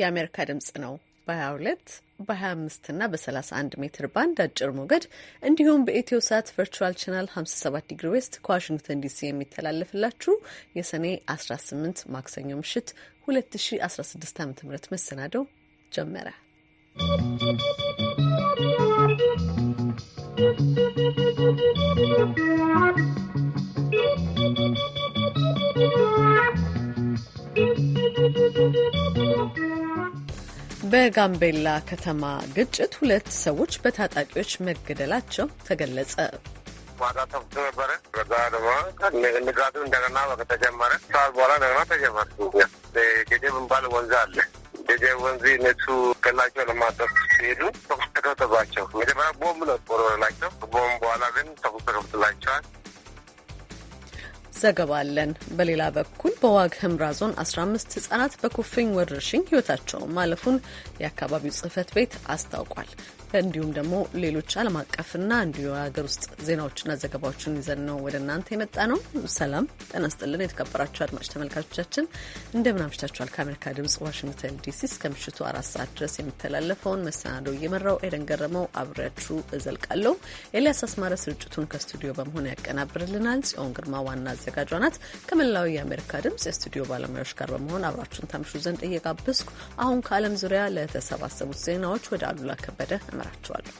የአሜሪካ ድምጽ ነው። በ22 በ25 እና በ31 ሜትር ባንድ አጭር ሞገድ እንዲሁም በኢትዮ ሳት ቨርቹዋል ቻናል 57 ዲግሪ ዌስት ከዋሽንግተን ዲሲ የሚተላለፍላችሁ የሰኔ 18 ማክሰኞ ምሽት 2016 ዓ ም መሰናደው ጀመረ። ¶¶ በጋምቤላ ከተማ ግጭት ሁለት ሰዎች በታጣቂዎች መገደላቸው ተገለጸ። ማታ ተኩስ ነበረ። ደግሞ ንጋቱ እንደገና ሰዓት በኋላ እንደገና ተጀመረ። ወንዝ አለ። ወንዝ እነሱ ገላቸው ለማጠፍ ሲሄዱ ተኩስ መጀመሪያ ቦምብ ነው ጦር ላቸው። ቦምብ በኋላ ግን ተኩስ ዘገባ አለን። በሌላ በኩል በዋግ ህምራ ዞን 15 ህጻናት በኩፍኝ ወረርሽኝ ህይወታቸው ማለፉን የአካባቢው ጽህፈት ቤት አስታውቋል። እንዲሁም ደግሞ ሌሎች ዓለም አቀፍና እንዲሁ የሀገር ውስጥ ዜናዎችና ዘገባዎችን ይዘን ነው ወደ እናንተ የመጣ ነው። ሰላም ጤና ይስጥልን የተከበራችሁ አድማጭ ተመልካቾቻችን እንደምን አምሽታችኋል። ከአሜሪካ ድምጽ ዋሽንግተን ዲሲ እስከ ምሽቱ አራት ሰዓት ድረስ የሚተላለፈውን መሰናዶ እየመራው ኤደን ገረመው አብሬያችሁ እዘልቃለሁ። ኤልያስ አስማረ ስርጭቱን ከስቱዲዮ በመሆን ያቀናብርልናል። ጽዮን ግርማ ዋና አዘጋጇ ናት። ከመላው የአሜሪካ ድምጽ የስቱዲዮ ባለሙያዎች ጋር በመሆን አብራችሁን ታምሹ ዘንድ እየጋበዝኩ አሁን ከዓለም ዙሪያ ለተሰባሰቡት ዜናዎች ወደ አሉላ ከበደ አስመራችኋለሁ።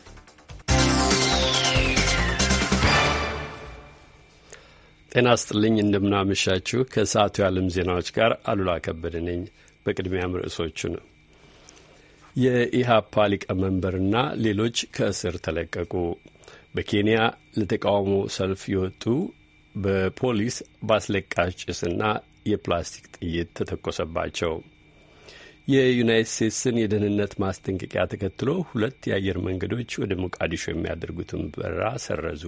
ጤና ስጥልኝ፣ እንደምናመሻችሁ። ከሰዓቱ የዓለም ዜናዎች ጋር አሉላ ከበደ ነኝ። በቅድሚያም ርዕሶቹ ነው። የኢህአፓ ሊቀመንበርና ሌሎች ከእስር ተለቀቁ። በኬንያ ለተቃውሞ ሰልፍ የወጡ በፖሊስ በአስለቃሽ ጭስና የፕላስቲክ ጥይት ተተኮሰባቸው። የዩናይት ስቴትስን የደህንነት ማስጠንቀቂያ ተከትሎ ሁለት የአየር መንገዶች ወደ ሞቃዲሾ የሚያደርጉትን በረራ ሰረዙ።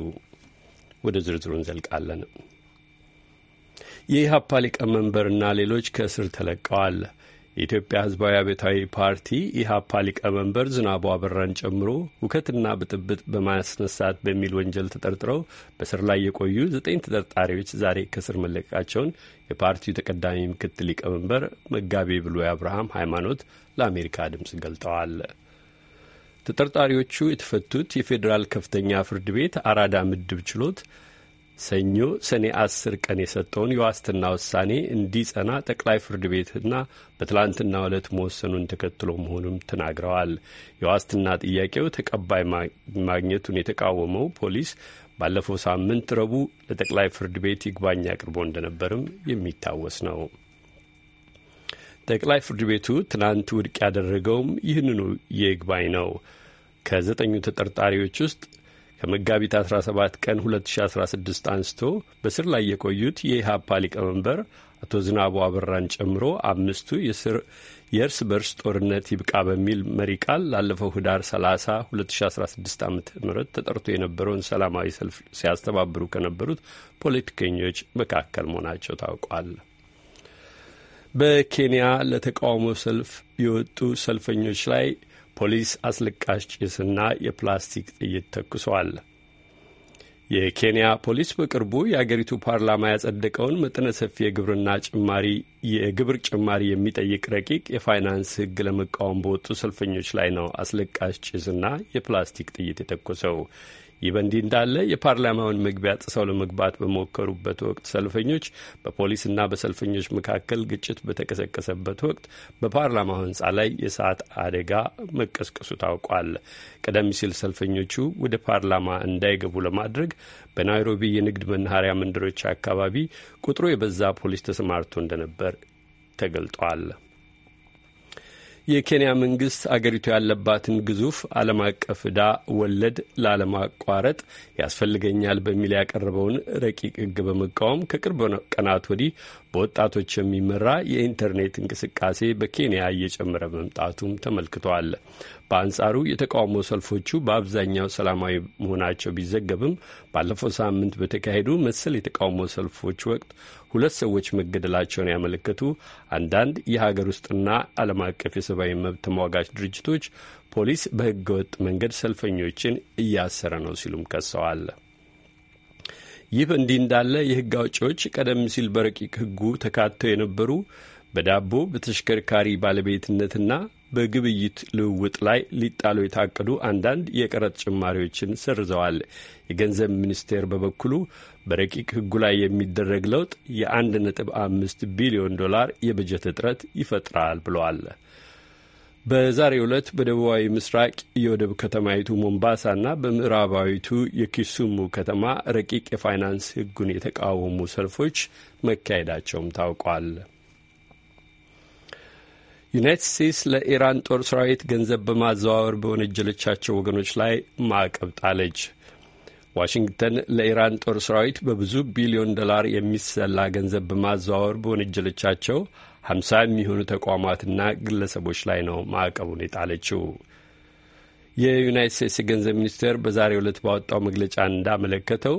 ወደ ዝርዝሩ እንዘልቃለን። የኢህአፓ ሊቀመንበርና ሌሎች ከእስር ተለቀዋል። የኢትዮጵያ ህዝባዊ አብዮታዊ ፓርቲ ኢህአፓ ሊቀመንበር ዝናቡ አበራን ጨምሮ ሁከትና ብጥብጥ በማስነሳት በሚል ወንጀል ተጠርጥረው በስር ላይ የቆዩ ዘጠኝ ተጠርጣሪዎች ዛሬ ከስር መለቀቃቸውን የፓርቲው ተቀዳሚ ምክትል ሊቀመንበር መጋቤ ብሉይ አብርሃም ሃይማኖት ለአሜሪካ ድምፅ ገልጠዋል። ተጠርጣሪዎቹ የተፈቱት የፌዴራል ከፍተኛ ፍርድ ቤት አራዳ ምድብ ችሎት ሰኞ ሰኔ አስር ቀን የሰጠውን የዋስትና ውሳኔ እንዲጸና ጠቅላይ ፍርድ ቤትና በትላንትና ዕለት መወሰኑን ተከትሎ መሆኑም ተናግረዋል። የዋስትና ጥያቄው ተቀባይ ማግኘቱን የተቃወመው ፖሊስ ባለፈው ሳምንት ረቡዕ ለጠቅላይ ፍርድ ቤት ይግባኝ አቅርቦ እንደነበርም የሚታወስ ነው። ጠቅላይ ፍርድ ቤቱ ትናንት ውድቅ ያደረገውም ይህንኑ ይግባኝ ነው። ከዘጠኙ ተጠርጣሪዎች ውስጥ ከመጋቢት 17 ቀን 2016 አንስቶ በስር ላይ የቆዩት የኢህአፓ ሊቀመንበር አቶ ዝናቡ አበራን ጨምሮ አምስቱ የእርስ በርስ ጦርነት ይብቃ በሚል መሪ ቃል ላለፈው ህዳር 30 2016 ዓ ም ተጠርቶ የነበረውን ሰላማዊ ሰልፍ ሲያስተባብሩ ከነበሩት ፖለቲከኞች መካከል መሆናቸው ታውቋል። በኬንያ ለተቃውሞ ሰልፍ የወጡ ሰልፈኞች ላይ ፖሊስ አስለቃሽ ጭስና የፕላስቲክ ጥይት ተኩሷል። የኬንያ ፖሊስ በቅርቡ የአገሪቱ ፓርላማ ያጸደቀውን መጠነ ሰፊ የግብርና ጭማሪ የግብር ጭማሪ የሚጠይቅ ረቂቅ የፋይናንስ ሕግ ለመቃወም በወጡ ሰልፈኞች ላይ ነው አስለቃሽ ጭስና የፕላስቲክ ጥይት የተኮሰው። ይህ በእንዲህ እንዳለ የፓርላማውን መግቢያ ጥሰው ለመግባት በሞከሩበት ወቅት ሰልፈኞች በፖሊስና በሰልፈኞች መካከል ግጭት በተቀሰቀሰበት ወቅት በፓርላማው ሕንፃ ላይ የእሳት አደጋ መቀስቀሱ ታውቋል። ቀደም ሲል ሰልፈኞቹ ወደ ፓርላማ እንዳይገቡ ለማድረግ በናይሮቢ የንግድ መናኸሪያ መንደሮች አካባቢ ቁጥሩ የበዛ ፖሊስ ተሰማርቶ እንደነበር ተገልጧል። የኬንያ መንግስት አገሪቱ ያለባትን ግዙፍ ዓለም አቀፍ ዕዳ ወለድ ላለማቋረጥ ያስፈልገኛል በሚል ያቀረበውን ረቂቅ ሕግ በመቃወም ከቅርብ ቀናት ወዲህ በወጣቶች የሚመራ የኢንተርኔት እንቅስቃሴ በኬንያ እየጨመረ መምጣቱም ተመልክቷል። በአንጻሩ የተቃውሞ ሰልፎቹ በአብዛኛው ሰላማዊ መሆናቸው ቢዘገብም ባለፈው ሳምንት በተካሄዱ መሰል የተቃውሞ ሰልፎች ወቅት ሁለት ሰዎች መገደላቸውን ያመለከቱ አንዳንድ የሀገር ውስጥና ዓለም አቀፍ የሰብአዊ መብት ተሟጋች ድርጅቶች ፖሊስ በህገወጥ መንገድ ሰልፈኞችን እያሰረ ነው ሲሉም ከሰዋል። ይህ እንዲህ እንዳለ የህግ አውጪዎች ቀደም ሲል በረቂቅ ህጉ ተካተው የነበሩ በዳቦ በተሽከርካሪ ባለቤትነትና በግብይት ልውውጥ ላይ ሊጣሉ የታቀዱ አንዳንድ የቀረጥ ጭማሪዎችን ሰርዘዋል። የገንዘብ ሚኒስቴር በበኩሉ በረቂቅ ህጉ ላይ የሚደረግ ለውጥ የ1.5 ቢሊዮን ዶላር የበጀት እጥረት ይፈጥራል ብለዋል። በዛሬ ዕለት በደቡባዊ ምስራቅ የወደብ ከተማይቱ ሞምባሳና በምዕራባዊቱ የኪሱሙ ከተማ ረቂቅ የፋይናንስ ሕጉን የተቃወሙ ሰልፎች መካሄዳቸውም ታውቋል። ዩናይትድ ስቴትስ ለኢራን ጦር ሰራዊት ገንዘብ በማዘዋወር በወነጀለቻቸው ወገኖች ላይ ማዕቀብ ጣለች። ዋሽንግተን ለኢራን ጦር ሰራዊት በብዙ ቢሊዮን ዶላር የሚሰላ ገንዘብ በማዘዋወር በወነጀለቻቸው 50 የሚሆኑ ተቋማትና ግለሰቦች ላይ ነው ማዕቀቡን የጣለችው። የዩናይት ስቴትስ የገንዘብ ሚኒስቴር በዛሬው ዕለት ባወጣው መግለጫ እንዳመለከተው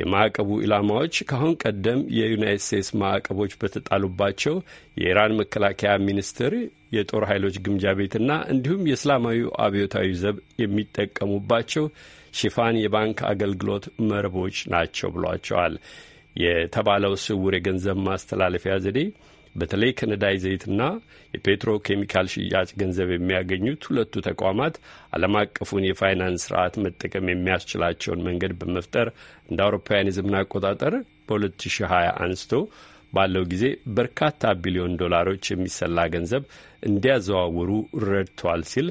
የማዕቀቡ ኢላማዎች ከአሁን ቀደም የዩናይት ስቴትስ ማዕቀቦች በተጣሉባቸው የኢራን መከላከያ ሚኒስቴር የጦር ኃይሎች ግምጃ ቤትና እንዲሁም የእስላማዊ አብዮታዊ ዘብ የሚጠቀሙባቸው ሽፋን የባንክ አገልግሎት መረቦች ናቸው ብሏቸዋል። የተባለው ስውር የገንዘብ ማስተላለፊያ ዘዴ በተለይ ከነዳይ ዘይትና የፔትሮ ኬሚካል ሽያጭ ገንዘብ የሚያገኙት ሁለቱ ተቋማት ዓለም አቀፉን የፋይናንስ ስርዓት መጠቀም የሚያስችላቸውን መንገድ በመፍጠር እንደ አውሮፓውያን የዘመን አቆጣጠር በ2020 አንስቶ ባለው ጊዜ በርካታ ቢሊዮን ዶላሮች የሚሰላ ገንዘብ እንዲያዘዋውሩ ረድቷል ሲል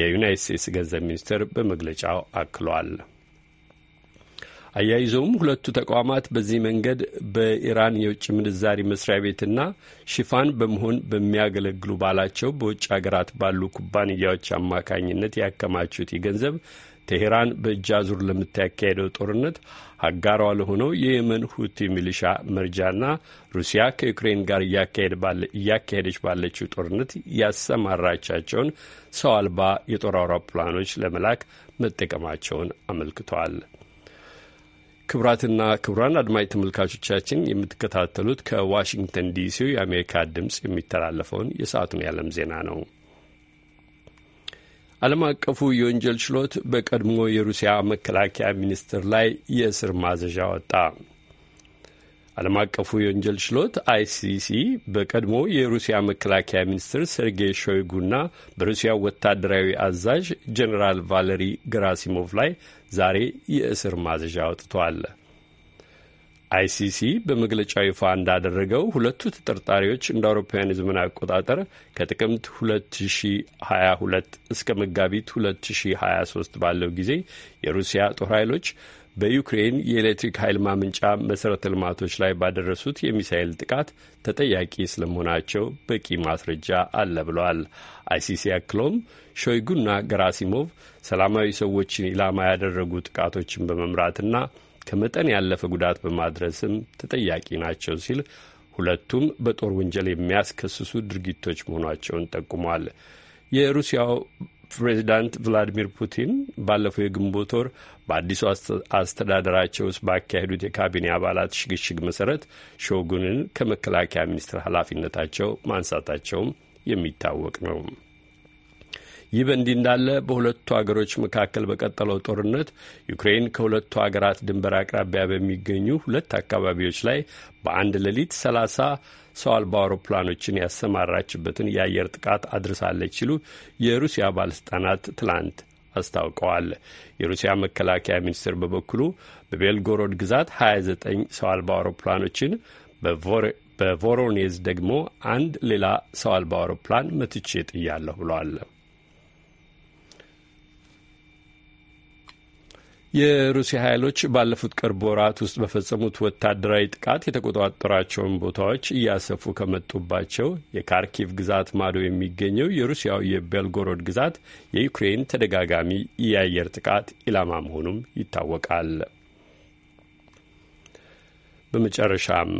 የዩናይት ስቴትስ ገንዘብ ሚኒስቴር በመግለጫው አክሏል። አያይዘውም ሁለቱ ተቋማት በዚህ መንገድ በኢራን የውጭ ምንዛሪ መስሪያ ቤትና ሽፋን በመሆን በሚያገለግሉ ባላቸው በውጭ ሀገራት ባሉ ኩባንያዎች አማካኝነት ያከማቹት የገንዘብ ቴሄራን በእጅ አዙር ለምታካሄደው ጦርነት አጋሯ ለሆነው የየመን ሁቲ ሚሊሻ መርጃና ሩሲያ ከዩክሬን ጋር እያካሄደች ባለችው ጦርነት ያሰማራቻቸውን ሰው አልባ የጦር አውሮፕላኖች ለመላክ መጠቀማቸውን አመልክተዋል። ክቡራትና ክቡራን አድማጭ ተመልካቾቻችን የምትከታተሉት ከዋሽንግተን ዲሲ የአሜሪካ ድምፅ የሚተላለፈውን የሰዓቱን የዓለም ዜና ነው። ዓለም አቀፉ የወንጀል ችሎት በቀድሞ የሩሲያ መከላከያ ሚኒስትር ላይ የእስር ማዘዣ ወጣ። ዓለም አቀፉ የወንጀል ችሎት አይሲሲ በቀድሞ የሩሲያ መከላከያ ሚኒስትር ሰርጌይ ሾይጉና በሩሲያ ወታደራዊ አዛዥ ጀኔራል ቫለሪ ግራሲሞቭ ላይ ዛሬ የእስር ማዘዣ አውጥቷል። አይሲሲ በመግለጫው ይፋ እንዳደረገው ሁለቱ ተጠርጣሪዎች እንደ አውሮፓውያን የዘመን አቆጣጠር ከጥቅምት 2022 እስከ መጋቢት 2023 ባለው ጊዜ የሩሲያ ጦር ኃይሎች በዩክሬን የኤሌክትሪክ ኃይል ማመንጫ መሠረተ ልማቶች ላይ ባደረሱት የሚሳኤል ጥቃት ተጠያቂ ስለመሆናቸው በቂ ማስረጃ አለ ብለዋል። አይሲሲ አክሎም ሾይጉና ገራሲሞቭ ሰላማዊ ሰዎችን ኢላማ ያደረጉ ጥቃቶችን በመምራትና ከመጠን ያለፈ ጉዳት በማድረስም ተጠያቂ ናቸው ሲል ሁለቱም በጦር ወንጀል የሚያስከስሱ ድርጊቶች መሆናቸውን ጠቁሟል። የሩሲያው ፕሬዚዳንት ቭላዲሚር ፑቲን ባለፈው የግንቦት ወር በአዲሱ አስተዳደራቸው ውስጥ ባካሄዱት የካቢኔ አባላት ሽግሽግ መሰረት ሾጉንን ከመከላከያ ሚኒስትር ኃላፊነታቸው ማንሳታቸውም የሚታወቅ ነው። ይህ በእንዲህ እንዳለ በሁለቱ አገሮች መካከል በቀጠለው ጦርነት ዩክሬን ከሁለቱ አገራት ድንበር አቅራቢያ በሚገኙ ሁለት አካባቢዎች ላይ በአንድ ሌሊት ሰላሳ ሰው አልባ አውሮፕላኖችን ያሰማራችበትን የአየር ጥቃት አድርሳለች ሲሉ የሩሲያ ባለስልጣናት ትላንት አስታውቀዋል። የሩሲያ መከላከያ ሚኒስቴር በበኩሉ በቤልጎሮድ ግዛት 29 ሰው አልባ አውሮፕላኖችን በቮሮኔዝ ደግሞ አንድ ሌላ ሰው አልባ አውሮፕላን መትቼ ጥያለሁ ብሏል። የሩሲያ ኃይሎች ባለፉት ቅርብ ወራት ውስጥ በፈጸሙት ወታደራዊ ጥቃት የተቆጣጠሯቸውን ቦታዎች እያሰፉ ከመጡባቸው የካርኪቭ ግዛት ማዶ የሚገኘው የሩሲያው የቤልጎሮድ ግዛት የዩክሬን ተደጋጋሚ የአየር ጥቃት ኢላማ መሆኑም ይታወቃል። በመጨረሻም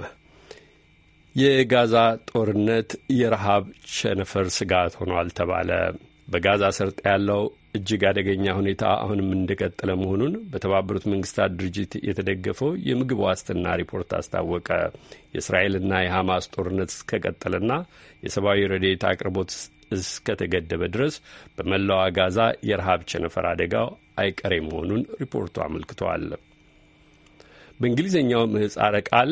የጋዛ ጦርነት የረሃብ ቸነፈር ስጋት ሆኗል ተባለ። በጋዛ ሰርጥ ያለው እጅግ አደገኛ ሁኔታ አሁንም እንደቀጠለ መሆኑን በተባበሩት መንግስታት ድርጅት የተደገፈው የምግብ ዋስትና ሪፖርት አስታወቀ። የእስራኤልና የሐማስ ጦርነት እስከቀጠለና የሰብአዊ ረድኤት አቅርቦት እስከተገደበ ድረስ በመላዋ ጋዛ የረሃብ ቸነፈር አደጋው አይቀሬ መሆኑን ሪፖርቱ አመልክቷል። በእንግሊዝኛው ምህጻረ ቃል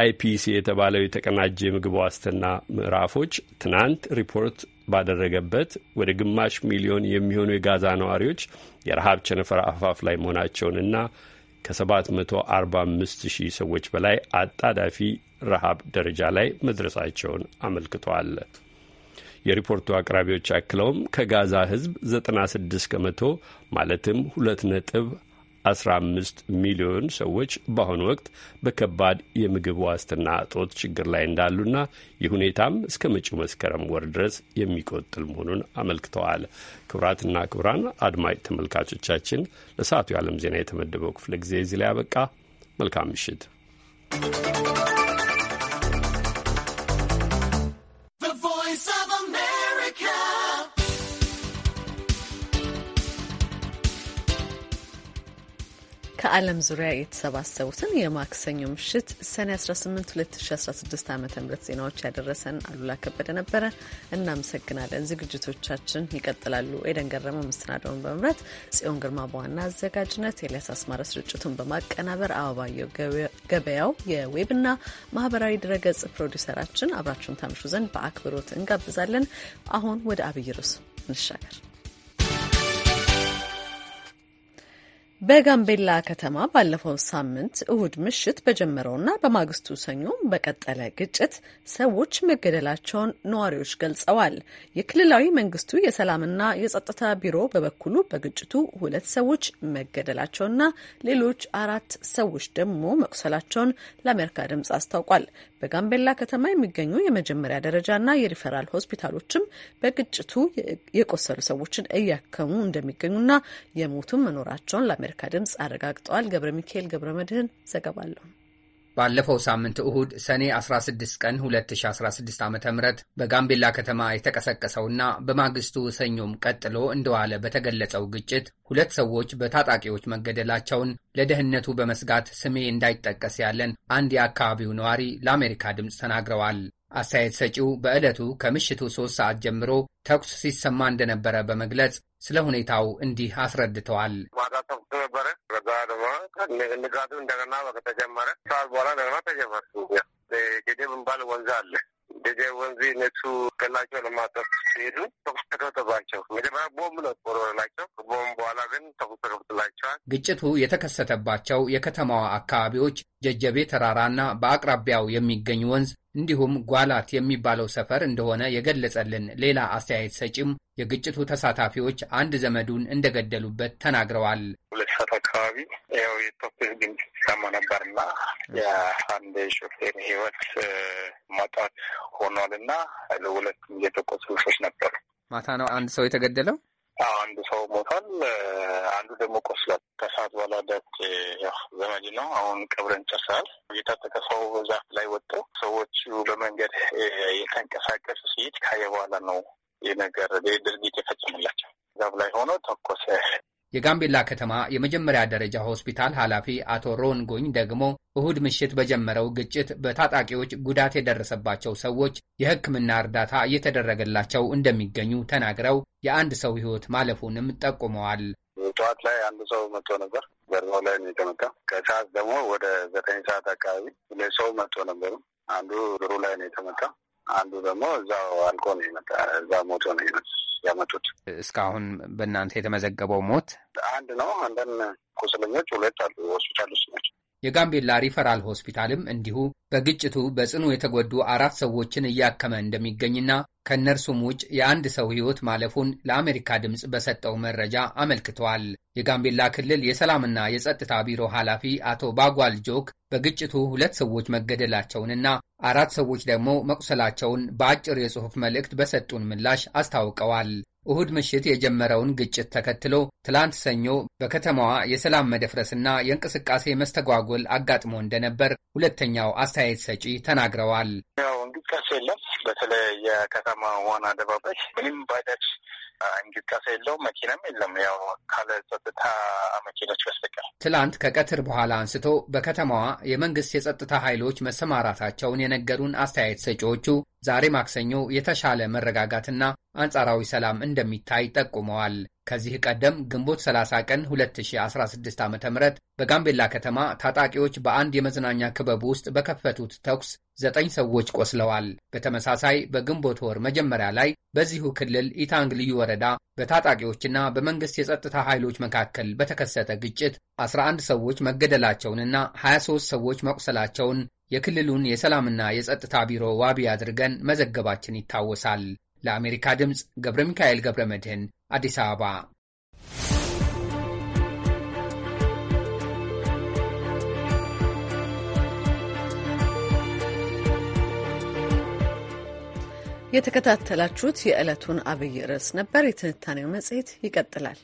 አይፒሲ የተባለው የተቀናጀ የምግብ ዋስትና ምዕራፎች ትናንት ሪፖርት ባደረገበት ወደ ግማሽ ሚሊዮን የሚሆኑ የጋዛ ነዋሪዎች የረሃብ ቸነፈር አፋፍ ላይ መሆናቸውንና ከ745 ሺህ ሰዎች በላይ አጣዳፊ ረሃብ ደረጃ ላይ መድረሳቸውን አመልክቷል። የሪፖርቱ አቅራቢዎች አክለውም ከጋዛ ሕዝብ 96 ከመቶ ማለትም 2 ነጥብ 15 ሚሊዮን ሰዎች በአሁኑ ወቅት በከባድ የምግብ ዋስትና እጦት ችግር ላይ እንዳሉና ይህ ሁኔታም እስከ መጪው መስከረም ወር ድረስ የሚቆጥል መሆኑን አመልክተዋል። ክቡራትና ክቡራን አድማጭ ተመልካቾቻችን ለሰዓቱ የዓለም ዜና የተመደበው ክፍለ ጊዜ እዚህ ላይ ያበቃ። መልካም ምሽት። ከዓለም ዙሪያ የተሰባሰቡትን የማክሰኞ ምሽት ሰኔ 18 2016 ዓ ም ዜናዎች ያደረሰን አሉላ ከበደ ነበረ። እናመሰግናለን። ዝግጅቶቻችን ይቀጥላሉ። ኤደን ገረመው መስተናደውን በመምራት ጽዮን ግርማ በዋና አዘጋጅነት፣ ኤልያስ አስማረ ስርጭቱን በማቀናበር አበባየው ገበያው የዌብና ማህበራዊ ድረገጽ ፕሮዲውሰራችን አብራችሁን ታምሹ ዘንድ በአክብሮት እንጋብዛለን። አሁን ወደ አብይ ርዕሱ እንሻገር። በጋምቤላ ከተማ ባለፈው ሳምንት እሁድ ምሽት በጀመረውና በማግስቱ ሰኞ በቀጠለ ግጭት ሰዎች መገደላቸውን ነዋሪዎች ገልጸዋል። የክልላዊ መንግስቱ የሰላምና የጸጥታ ቢሮ በበኩሉ በግጭቱ ሁለት ሰዎች መገደላቸውና ሌሎች አራት ሰዎች ደግሞ መቁሰላቸውን ለአሜሪካ ድምጽ አስታውቋል። በጋምቤላ ከተማ የሚገኙ የመጀመሪያ ደረጃና የሪፈራል ሆስፒታሎችም በግጭቱ የቆሰሉ ሰዎችን እያከሙ እንደሚገኙና የሞቱም መኖራቸውን ለአሜሪካ ድምፅ አረጋግጠዋል። ገብረ ሚካኤል ገብረ መድህን ዘገባለሁ። ባለፈው ሳምንት እሁድ ሰኔ 16 ቀን 2016 ዓ ም በጋምቤላ ከተማ የተቀሰቀሰውና በማግስቱ ሰኞም ቀጥሎ እንደዋለ በተገለጸው ግጭት ሁለት ሰዎች በታጣቂዎች መገደላቸውን ለደህንነቱ በመስጋት ስሜ እንዳይጠቀስ ያለን አንድ የአካባቢው ነዋሪ ለአሜሪካ ድምፅ ተናግረዋል። አስተያየት ሰጪው በዕለቱ ከምሽቱ ሦስት ሰዓት ጀምሮ ተኩስ ሲሰማ እንደነበረ በመግለጽ ስለ ሁኔታው እንዲህ አስረድተዋል። ማታ ተኩስ ነበረ። ከዛ ደግሞ ንጋቱ እንደገና ተጀመረ። ሰዓት በኋላ እንደገና ተጀመረ። ጌዴ ምንባል ወንዝ አለ ደጃ ወንዝ እነሱ ገላቸው ለማጠፍ ሲሄዱ ተኩስ ተከፍተባቸው። መጀመሪያ ቦምብ ነው ቆሮላቸው። ቦምብ በኋላ ግን ተኩስ ተከፍትላቸዋል። ግጭቱ የተከሰተባቸው የከተማዋ አካባቢዎች ጀጀቤ ተራራና በአቅራቢያው የሚገኝ ወንዝ እንዲሁም ጓላት የሚባለው ሰፈር እንደሆነ የገለጸልን ሌላ አስተያየት ሰጪም የግጭቱ ተሳታፊዎች አንድ ዘመዱን እንደገደሉበት ተናግረዋል። ሁለት ሰዓት አካባቢ ያው የተኩስ ድምፅ ሰማ ነበርና የአንድ ሾፌር ህይወት ማጣት ሆኗልና ለሁለት የተቆሰሉ ሰዎች ነበሩ። ማታ ነው አንድ ሰው የተገደለው። አንዱ ሰው ሞቷል፣ አንዱ ደግሞ ቆስሏል። ከሰዓት በኋላ ዳት ዘመድ ነው። አሁን ቅብርን ጨርሰናል። የታጠቀ ሰው ዛፍ ላይ ወጥተው ሰዎቹ በመንገድ የተንቀሳቀሱ ሲሄድ ካየ በኋላ ነው ይህ ነገር ድርጊት የፈጸመላቸው ዛፍ ላይ ሆኖ ተኮሰ። የጋምቤላ ከተማ የመጀመሪያ ደረጃ ሆስፒታል ኃላፊ አቶ ሮንጎኝ ደግሞ እሁድ ምሽት በጀመረው ግጭት በታጣቂዎች ጉዳት የደረሰባቸው ሰዎች የሕክምና እርዳታ እየተደረገላቸው እንደሚገኙ ተናግረው የአንድ ሰው ሕይወት ማለፉንም ጠቁመዋል። ጠዋት ላይ አንድ ሰው መጥቶ ነበር። በርባው ላይ ነው የተመታ። ከሰዓት ደግሞ ወደ ዘጠኝ ሰዓት አካባቢ ሁለት ሰው መጥቶ ነበሩ። አንዱ እግሩ ላይ ነው የተመታ። አንዱ ደግሞ እዛው አልቆ ነው የመጣ እዛ ሞቶ ነው ያመጡት። እስካሁን በእናንተ የተመዘገበው ሞት አንድ ነው። አንደን ቁስለኞች ሁለት አሉ፣ ሆስፒታል ውስጥ ናቸው። የጋምቤላ ሪፈራል ሆስፒታልም እንዲሁ በግጭቱ በጽኑ የተጎዱ አራት ሰዎችን እያከመ እንደሚገኝና ከእነርሱም ውጭ የአንድ ሰው ሕይወት ማለፉን ለአሜሪካ ድምፅ በሰጠው መረጃ አመልክተዋል። የጋምቤላ ክልል የሰላምና የጸጥታ ቢሮ ኃላፊ አቶ ባጓል ጆክ በግጭቱ ሁለት ሰዎች መገደላቸውንና አራት ሰዎች ደግሞ መቁሰላቸውን በአጭር የጽሑፍ መልእክት በሰጡን ምላሽ አስታውቀዋል። እሁድ ምሽት የጀመረውን ግጭት ተከትሎ ትላንት ሰኞ በከተማዋ የሰላም መደፍረስና የእንቅስቃሴ መስተጓጎል አጋጥሞ እንደነበር ሁለተኛው አስተያየት ሰጪ ተናግረዋል። ያው እንቅስቃሴ የለም። በተለይ የከተማ ዋና አደባባይ ምንም ባጃጅ እንቅስቃሴ የለውም፣ መኪናም የለም፣ ያው ካለ ጸጥታ መኪኖች በስተቀር። ትላንት ከቀትር በኋላ አንስቶ በከተማዋ የመንግስት የጸጥታ ኃይሎች መሰማራታቸውን የነገሩን አስተያየት ሰጪዎቹ ዛሬ ማክሰኞ የተሻለ መረጋጋትና አንጻራዊ ሰላም እንደሚታይ ጠቁመዋል። ከዚህ ቀደም ግንቦት 30 ቀን 2016 ዓ ም በጋምቤላ ከተማ ታጣቂዎች በአንድ የመዝናኛ ክበብ ውስጥ በከፈቱት ተኩስ ዘጠኝ ሰዎች ቆስለዋል። በተመሳሳይ በግንቦት ወር መጀመሪያ ላይ በዚሁ ክልል ኢታንግ ልዩ ወረዳ በታጣቂዎችና በመንግሥት የጸጥታ ኃይሎች መካከል በተከሰተ ግጭት 11 ሰዎች መገደላቸውንና 23 ሰዎች መቁሰላቸውን የክልሉን የሰላምና የጸጥታ ቢሮ ዋቢ አድርገን መዘገባችን ይታወሳል። ለአሜሪካ ድምፅ ገብረ ሚካኤል ገብረ መድህን አዲስ አበባ። የተከታተላችሁት የዕለቱን አብይ ርዕስ ነበር። የትንታኔው መጽሔት ይቀጥላል።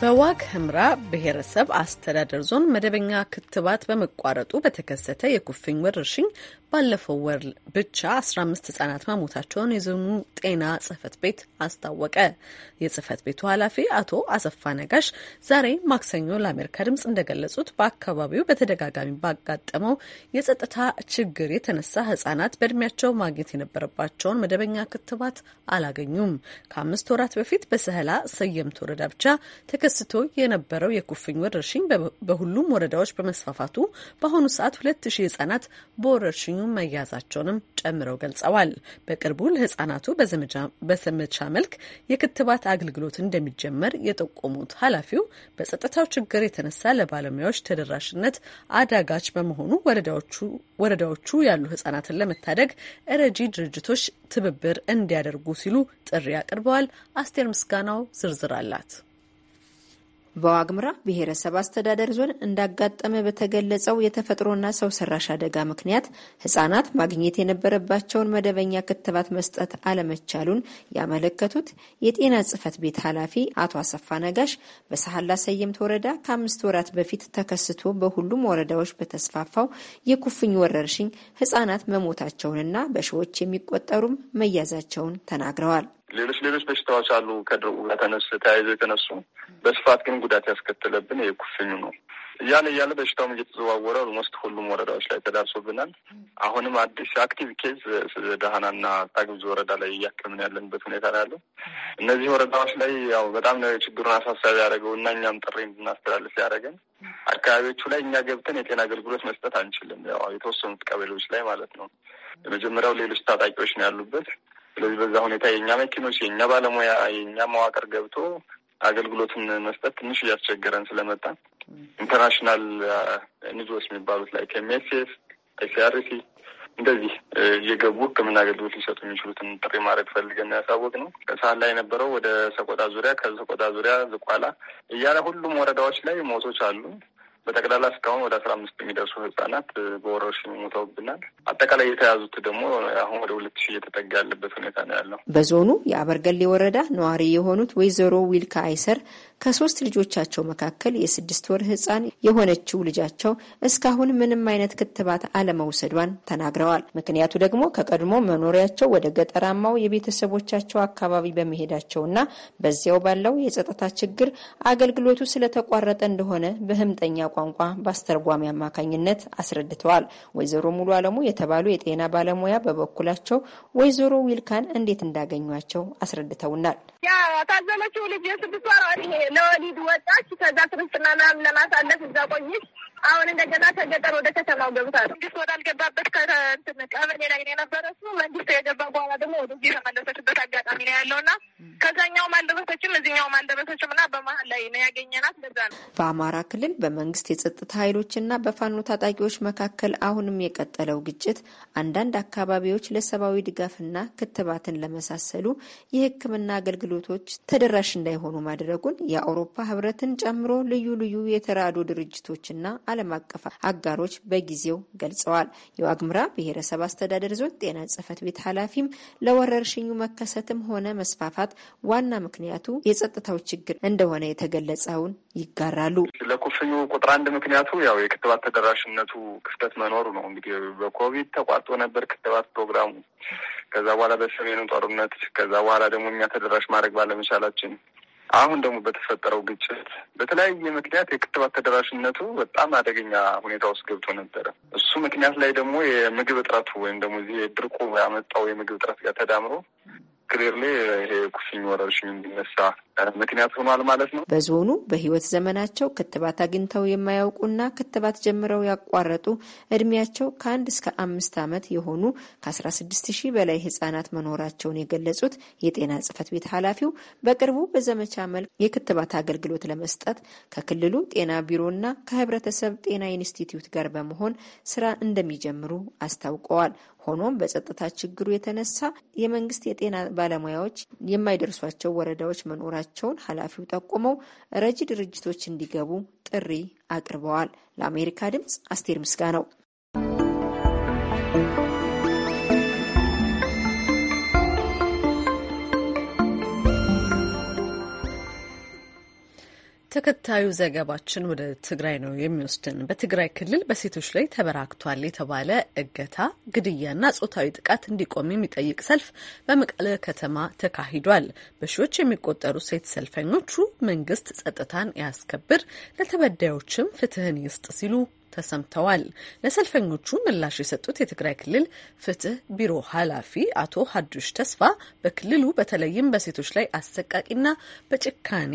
በዋግ ህምራ ብሔረሰብ አስተዳደር ዞን መደበኛ ክትባት በመቋረጡ በተከሰተ የኩፍኝ ወረርሽኝ ባለፈው ወር ብቻ 15 ህጻናት መሞታቸውን የዞኑ ጤና ጽህፈት ቤት አስታወቀ። የጽህፈት ቤቱ ኃላፊ አቶ አሰፋ ነጋሽ ዛሬ ማክሰኞ ለአሜሪካ ድምፅ እንደገለጹት በአካባቢው በተደጋጋሚ ባጋጠመው የጸጥታ ችግር የተነሳ ህጻናት በእድሜያቸው ማግኘት የነበረባቸውን መደበኛ ክትባት አላገኙም። ከአምስት ወራት በፊት በሰህላ ሰየምት ወረዳ ብቻ ተከስቶ የነበረው የኩፍኝ ወረርሽኝ በሁሉም ወረዳዎች በመስፋፋቱ በአሁኑ ሰዓት ሁለት ሺህ ህጻናት በወረርሽኙ መያዛቸውንም ጨምረው ገልጸዋል። በቅርቡ ለህጻናቱ በዘመቻ መልክ የክትባት አገልግሎት እንደሚጀመር የጠቆሙት ኃላፊው በጸጥታው ችግር የተነሳ ለባለሙያዎች ተደራሽነት አዳጋች በመሆኑ ወረዳዎቹ ያሉ ህጻናትን ለመታደግ ረጂ ድርጅቶች ትብብር እንዲያደርጉ ሲሉ ጥሪ አቅርበዋል። አስቴር ምስጋናው ዝርዝር አላት። በዋግምራ ብሔረሰብ አስተዳደር ዞን እንዳጋጠመ በተገለጸው የተፈጥሮና ሰው ሰራሽ አደጋ ምክንያት ህጻናት ማግኘት የነበረባቸውን መደበኛ ክትባት መስጠት አለመቻሉን ያመለከቱት የጤና ጽህፈት ቤት ኃላፊ አቶ አሰፋ ነጋሽ በሳህላ ሰየምት ወረዳ ከአምስት ወራት በፊት ተከስቶ በሁሉም ወረዳዎች በተስፋፋው የኩፍኝ ወረርሽኝ ህጻናት መሞታቸውንና በሺዎች የሚቆጠሩም መያዛቸውን ተናግረዋል። ሌሎች ሌሎች በሽታዎች አሉ ከድርቁ ጋር ተነስ ተያይዘው የተነሱ በስፋት ግን ጉዳት ያስከተለብን የኩፍኙ ነው። እያለ እያለ በሽታውም እየተዘዋወረ ኦልሞስት ሁሉም ወረዳዎች ላይ ተዳርሶብናል። አሁንም አዲስ አክቲቭ ኬዝ ደህናና ታግብዝ ወረዳ ላይ እያከምን ያለንበት ሁኔታ ነው ያለው። እነዚህ ወረዳዎች ላይ ያው በጣም ነው ችግሩን አሳሳቢ ያደረገው እና እኛም ጥሪ እንድናስተላልፍ ያደረገን አካባቢዎቹ ላይ እኛ ገብተን የጤና አገልግሎት መስጠት አንችልም። ያው የተወሰኑት ቀበሌዎች ላይ ማለት ነው። የመጀመሪያው ሌሎች ታጣቂዎች ነው ያሉበት ስለዚህ በዛ ሁኔታ የእኛ መኪኖች፣ የእኛ ባለሙያ፣ የእኛ መዋቅር ገብቶ አገልግሎትን መስጠት ትንሽ እያስቸገረን ስለመጣ ኢንተርናሽናል ኤንጂኦዎች የሚባሉት ላይ ኤምኤስኤፍ፣ አይሲአርሲ እንደዚህ እየገቡ ሕክምና አገልግሎት ሊሰጡ የሚችሉትን ጥሪ ማድረግ ፈልገን ያሳወቅ ነው። ከሳህል ላይ የነበረው ወደ ሰቆጣ ዙሪያ፣ ከሰቆጣ ዙሪያ ዝቋላ እያለ ሁሉም ወረዳዎች ላይ ሞቶች አሉ። በጠቅላላ እስካሁን ወደ አስራ አምስት የሚደርሱ ህጻናት በወረርሽኝ ሞተውብናል። አጠቃላይ የተያዙት ደግሞ አሁን ወደ ሁለት ሺህ እየተጠጋ ያለበት ሁኔታ ነው ያለው። በዞኑ የአበርገሌ ወረዳ ነዋሪ የሆኑት ወይዘሮ ዊልካ አይሰር ከሶስት ልጆቻቸው መካከል የስድስት ወር ህፃን የሆነችው ልጃቸው እስካሁን ምንም አይነት ክትባት አለመውሰዷን ተናግረዋል። ምክንያቱ ደግሞ ከቀድሞ መኖሪያቸው ወደ ገጠራማው የቤተሰቦቻቸው አካባቢ በመሄዳቸውና በዚያው ባለው የጸጥታ ችግር አገልግሎቱ ስለተቋረጠ እንደሆነ በህምጠኛ ቋንቋ በአስተርጓሚ አማካኝነት አስረድተዋል። ወይዘሮ ሙሉ አለሙ የተባሉ የጤና ባለሙያ በበኩላቸው ወይዘሮ ዊልካን እንዴት እንዳገኟቸው አስረድተውናል። ታዘመችው ልጅ የስድስት ወር ለወሊድ ወጣች። ከዛ ክርስትና ምናምን ለማሳለፍ እዛ ቆየች። አሁን እንደገና ከገጠር ወደ ከተማው ገብታል። መንግስት ወዳልገባበት ቀበሌ ላይ የነበረ እሱ መንግስት የገባ በኋላ ደግሞ ወደዚህ የተመለሰችበት አጋጣሚ ነው ያለው ያለውና ከዛኛውም አልደረሰችም እዚኛውም አልደረሰችም እና በመሀል ላይ ነው ያገኘናት። ለዛ ነው በአማራ ክልል በመንግስት የጸጥታ ኃይሎች ኃይሎችና በፋኖ ታጣቂዎች መካከል አሁንም የቀጠለው ግጭት አንዳንድ አካባቢዎች ለሰብአዊ ድጋፍና ክትባትን ለመሳሰሉ የሕክምና አገልግሎቶች ተደራሽ እንዳይሆኑ ማድረጉን የአውሮፓ ሕብረትን ጨምሮ ልዩ ልዩ የተራዶ ድርጅቶችና ዓለም አቀፍ አጋሮች በጊዜው ገልጸዋል። የዋግምራ ብሔረሰብ አስተዳደር ዞን ጤና ጽሕፈት ቤት ኃላፊም ለወረርሽኙ መከሰትም ሆነ መስፋፋት ዋና ምክንያቱ የጸጥታው ችግር እንደሆነ የተገለጸውን ይጋራሉ። ለኩፍኙ ቁጥር አንድ ምክንያቱ ያው የክትባት ተደራሽነቱ ክፍተት መኖሩ ነው። እንግዲህ በኮቪድ ተቋርጦ ነበር ክትባት ፕሮግራሙ። ከዛ በኋላ በሰሜኑ ጦርነት፣ ከዛ በኋላ ደግሞ እኛ ተደራሽ ማድረግ ባለመቻላችን አሁን ደግሞ በተፈጠረው ግጭት በተለያየ ምክንያት የክትባት ተደራሽነቱ በጣም አደገኛ ሁኔታ ውስጥ ገብቶ ነበረ። እሱ ምክንያት ላይ ደግሞ የምግብ እጥረቱ ወይም ደግሞ እዚህ ድርቁ ያመጣው የምግብ እጥረት ጋር ተዳምሮ ላይ ይሄ ኩፍኝ ወረርሽኝ እንዲነሳ ምክንያት ሆኗል ማለት ነው። በዞኑ በህይወት ዘመናቸው ክትባት አግኝተው የማያውቁና ክትባት ጀምረው ያቋረጡ እድሜያቸው ከአንድ እስከ አምስት ዓመት የሆኑ ከአስራ ስድስት ሺህ በላይ ህጻናት መኖራቸውን የገለጹት የጤና ጽህፈት ቤት ኃላፊው በቅርቡ በዘመቻ መልክ የክትባት አገልግሎት ለመስጠት ከክልሉ ጤና ቢሮና ከህብረተሰብ ጤና ኢንስቲትዩት ጋር በመሆን ስራ እንደሚጀምሩ አስታውቀዋል። ሆኖም በጸጥታ ችግሩ የተነሳ የመንግስት የጤና ባለሙያዎች የማይደርሷቸው ወረዳዎች መኖራቸው መሆናቸውን ኃላፊው ጠቁመው ረጂ ድርጅቶች እንዲገቡ ጥሪ አቅርበዋል። ለአሜሪካ ድምጽ አስቴር ምስጋ ነው። ተከታዩ ዘገባችን ወደ ትግራይ ነው የሚወስድን። በትግራይ ክልል በሴቶች ላይ ተበራክቷል የተባለ እገታ፣ ግድያና ጾታዊ ጥቃት እንዲቆም የሚጠይቅ ሰልፍ በመቀለ ከተማ ተካሂዷል። በሺዎች የሚቆጠሩ ሴት ሰልፈኞቹ መንግስት ጸጥታን ያስከብር፣ ለተበዳዮችም ፍትህን ይስጥ ሲሉ ተሰምተዋል። ለሰልፈኞቹ ምላሽ የሰጡት የትግራይ ክልል ፍትህ ቢሮ ኃላፊ አቶ ሀዱሽ ተስፋ በክልሉ በተለይም በሴቶች ላይ አሰቃቂና በጭካኔ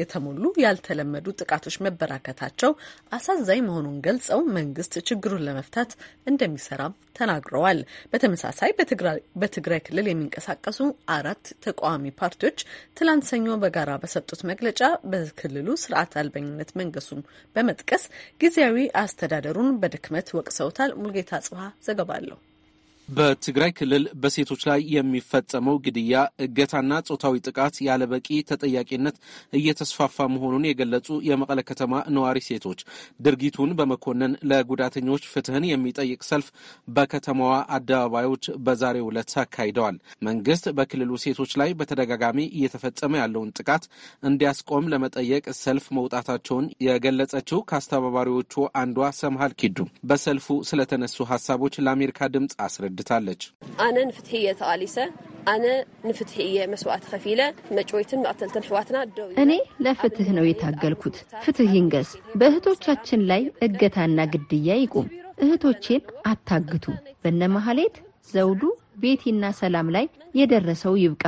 የተሞሉ ያልተለመዱ ጥቃቶች መበራከታቸው አሳዛኝ መሆኑን ገልጸው መንግስት ችግሩን ለመፍታት እንደሚሰራም ተናግረዋል። በተመሳሳይ በትግራይ ክልል የሚንቀሳቀሱ አራት ተቃዋሚ ፓርቲዎች ትላንት ሰኞ በጋራ በሰጡት መግለጫ በክልሉ ስርዓት አልበኝነት መንገሱን በመጥቀስ ጊዜያዊ አስ አስተዳደሩን በድክመት ወቅሰውታል። ሙልጌታ ጽሀ ዘገባ አለው። በትግራይ ክልል በሴቶች ላይ የሚፈጸመው ግድያ፣ እገታና ጾታዊ ጥቃት ያለበቂ ተጠያቂነት እየተስፋፋ መሆኑን የገለጹ የመቀለ ከተማ ነዋሪ ሴቶች ድርጊቱን በመኮነን ለጉዳተኞች ፍትህን የሚጠይቅ ሰልፍ በከተማዋ አደባባዮች በዛሬው ዕለት አካሂደዋል። መንግስት በክልሉ ሴቶች ላይ በተደጋጋሚ እየተፈጸመ ያለውን ጥቃት እንዲያስቆም ለመጠየቅ ሰልፍ መውጣታቸውን የገለጸችው ከአስተባባሪዎቹ አንዷ ሰምሃል ኪዱ በሰልፉ ስለተነሱ ሀሳቦች ለአሜሪካ ድምፅ አስረዳ አስረድታለች። አነ ንፍትሕየ ተቃሊሰ አነ ንፍትሕየ መስዋዕት ከፊለ መጮይትን መቅተልትን ሕዋትና እኔ ለፍትህ ነው የታገልኩት። ፍትህ ይንገስ። በእህቶቻችን ላይ እገታና ግድያ ይቁም። እህቶቼን አታግቱ። በነመሐሌት ዘውዱ፣ ቤቲና ሰላም ላይ የደረሰው ይብቃ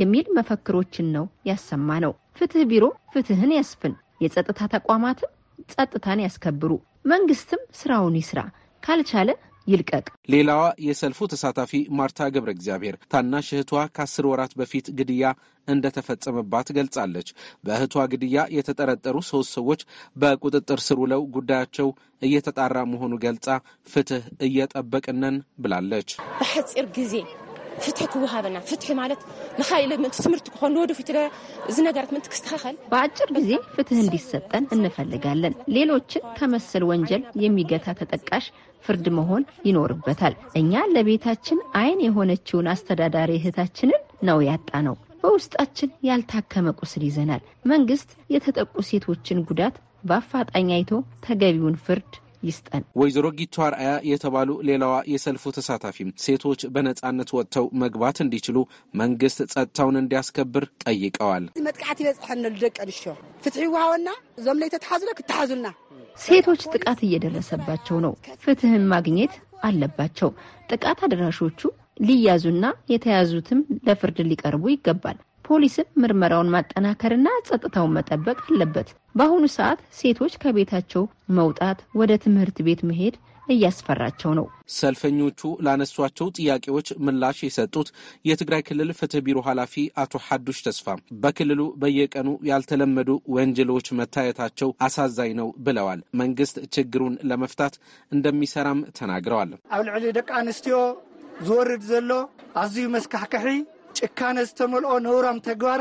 የሚል መፈክሮችን ነው ያሰማ ነው። ፍትህ ቢሮ ፍትህን ያስፍን፣ የጸጥታ ተቋማትም ጸጥታን ያስከብሩ፣ መንግስትም ስራውን ይስራ። ካልቻለ ይልቀቅ። ሌላዋ የሰልፉ ተሳታፊ ማርታ ገብረ እግዚአብሔር ታናሽ እህቷ ከአስር ወራት በፊት ግድያ እንደተፈጸመባት ገልጻለች። በእህቷ ግድያ የተጠረጠሩ ሶስት ሰዎች በቁጥጥር ስር ውለው ጉዳያቸው እየተጣራ መሆኑ ገልጻ ፍትህ እየጠበቅነን ብላለች። ብሕፂር ጊዜ ፍትሕ ክወሃበና ፍትሒ ማለት ንኻይለ ምእንቲ ትምህርቲ ክኾን ወደፊት እዚ ነገራት ምእንቲ ክስተኻኸል በአጭር ጊዜ ፍትህ እንዲሰጠን እንፈልጋለን። ሌሎችን ከመሰል ወንጀል የሚገታ ተጠቃሽ ፍርድ መሆን ይኖርበታል። እኛ ለቤታችን አይን የሆነችውን አስተዳዳሪ እህታችንን ነው ያጣ ነው። በውስጣችን ያልታከመ ቁስል ይዘናል። መንግስት የተጠቁ ሴቶችን ጉዳት በአፋጣኝ አይቶ ተገቢውን ፍርድ ይስጠን። ወይዘሮ ጊቱ አርአያ የተባሉ ሌላዋ የሰልፉ ተሳታፊ ሴቶች በነጻነት ወጥተው መግባት እንዲችሉ መንግስት ጸጥታውን እንዲያስከብር ጠይቀዋል። መጥቃዕቲ ይበፅሐና ደቂ አንስትዮ ፍትሒ ውሃወና እዞም ላይ ተተሓዙና ክትሓዙና ሴቶች ጥቃት እየደረሰባቸው ነው። ፍትህን ማግኘት አለባቸው። ጥቃት አድራሾቹ ሊያዙና የተያዙትም ለፍርድ ሊቀርቡ ይገባል። ፖሊስም ምርመራውን ማጠናከርና ጸጥታውን መጠበቅ አለበት። በአሁኑ ሰዓት ሴቶች ከቤታቸው መውጣት፣ ወደ ትምህርት ቤት መሄድ እያስፈራቸው ነው። ሰልፈኞቹ ላነሷቸው ጥያቄዎች ምላሽ የሰጡት የትግራይ ክልል ፍትህ ቢሮ ኃላፊ አቶ ሐዱሽ ተስፋ በክልሉ በየቀኑ ያልተለመዱ ወንጀሎች መታየታቸው አሳዛኝ ነው ብለዋል። መንግስት ችግሩን ለመፍታት እንደሚሰራም ተናግረዋል። ኣብ ልዕሊ ደቂ ኣንስትዮ ዝወርድ ዘሎ ኣዝዩ መስካሕክሒ ጭካኔ ዝተመልኦ ነውራም ተግባር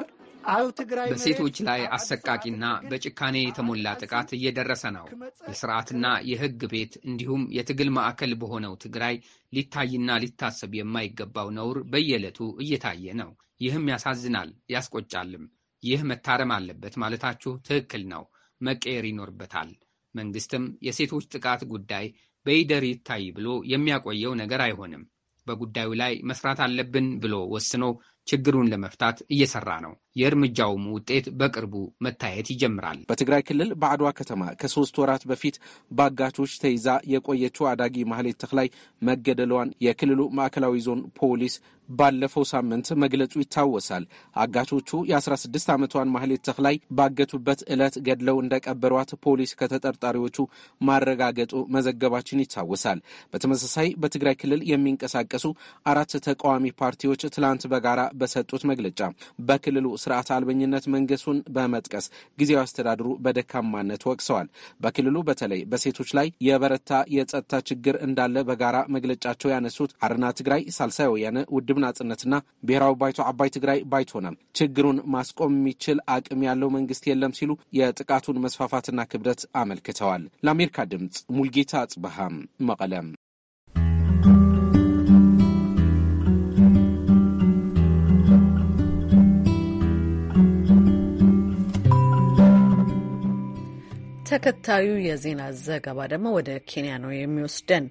በሴቶች ላይ አሰቃቂና በጭካኔ የተሞላ ጥቃት እየደረሰ ነው። የስርዓትና የህግ ቤት እንዲሁም የትግል ማዕከል በሆነው ትግራይ ሊታይና ሊታሰብ የማይገባው ነውር በየዕለቱ እየታየ ነው። ይህም ያሳዝናል፣ ያስቆጫልም። ይህ መታረም አለበት ማለታችሁ ትክክል ነው። መቀየር ይኖርበታል። መንግስትም የሴቶች ጥቃት ጉዳይ በይደር ይታይ ብሎ የሚያቆየው ነገር አይሆንም። በጉዳዩ ላይ መስራት አለብን ብሎ ወስኖ ችግሩን ለመፍታት እየሰራ ነው። የእርምጃውም ውጤት በቅርቡ መታየት ይጀምራል። በትግራይ ክልል በአድዋ ከተማ ከሶስት ወራት በፊት በአጋቾች ተይዛ የቆየችው አዳጊ ማህሌት ተክላይ መገደሏን የክልሉ ማዕከላዊ ዞን ፖሊስ ባለፈው ሳምንት መግለጹ ይታወሳል። አጋቾቹ የ16 ዓመቷን ማህሌት ተክላይ ባገቱበት ዕለት ገድለው እንደቀበሯት ፖሊስ ከተጠርጣሪዎቹ ማረጋገጡ መዘገባችን ይታወሳል። በተመሳሳይ በትግራይ ክልል የሚንቀሳቀሱ አራት ተቃዋሚ ፓርቲዎች ትላንት በጋራ በሰጡት መግለጫ በክልሉ ስርዓት አልበኝነት መንገሱን በመጥቀስ ጊዜያዊ አስተዳድሩ በደካማነት ወቅሰዋል። በክልሉ በተለይ በሴቶች ላይ የበረታ የጸጥታ ችግር እንዳለ በጋራ መግለጫቸው ያነሱት አረና ትግራይ፣ ሳልሳይ ወያነ፣ ውድብ ናጽነትና ብሔራዊ ባይቶ አባይ ትግራይ ባይቶናል ችግሩን ማስቆም የሚችል አቅም ያለው መንግስት የለም ሲሉ የጥቃቱን መስፋፋትና ክብደት አመልክተዋል። ለአሜሪካ ድምፅ ሙልጌታ አጽበሃም መቀለም ተከታዩ የዜና ዘገባ ደግሞ ወደ ኬንያ ነው የሚወስደን።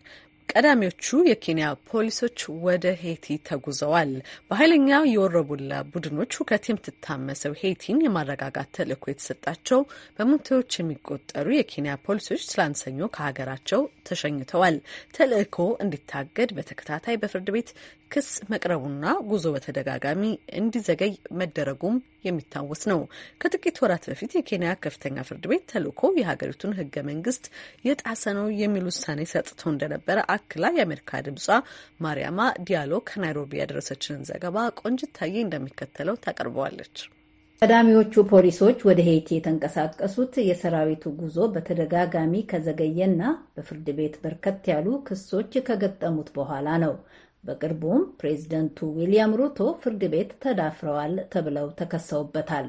ቀዳሚዎቹ የኬንያ ፖሊሶች ወደ ሄቲ ተጉዘዋል። በኃይለኛ የወረቡላ ቡድኖች ሁከት የምትታመሰው ሄቲን የማረጋጋት ተልዕኮ የተሰጣቸው በመቶዎች የሚቆጠሩ የኬንያ ፖሊሶች ትላንት ሰኞ ከሀገራቸው ተሸኝተዋል። ተልዕኮ እንዲታገድ በተከታታይ በፍርድ ቤት ክስ መቅረቡና ጉዞ በተደጋጋሚ እንዲዘገይ መደረጉም የሚታወስ ነው። ከጥቂት ወራት በፊት የኬንያ ከፍተኛ ፍርድ ቤት ተልኮ የሀገሪቱን ህገ መንግስት የጣሰ ነው የሚል ውሳኔ ሰጥቶ እንደነበረ አክላ የአሜሪካ ድምጿ ማርያማ ዲያሎ ከናይሮቢ ያደረሰችንን ዘገባ ቆንጅታዬ እንደሚከተለው ታቀርበዋለች። ቀዳሚዎቹ ፖሊሶች ወደ ሄይቲ የተንቀሳቀሱት የሰራዊቱ ጉዞ በተደጋጋሚ ከዘገየና በፍርድ ቤት በርከት ያሉ ክሶች ከገጠሙት በኋላ ነው። በቅርቡም ፕሬዚደንቱ ዊልያም ሩቶ ፍርድ ቤት ተዳፍረዋል ተብለው ተከሰውበታል።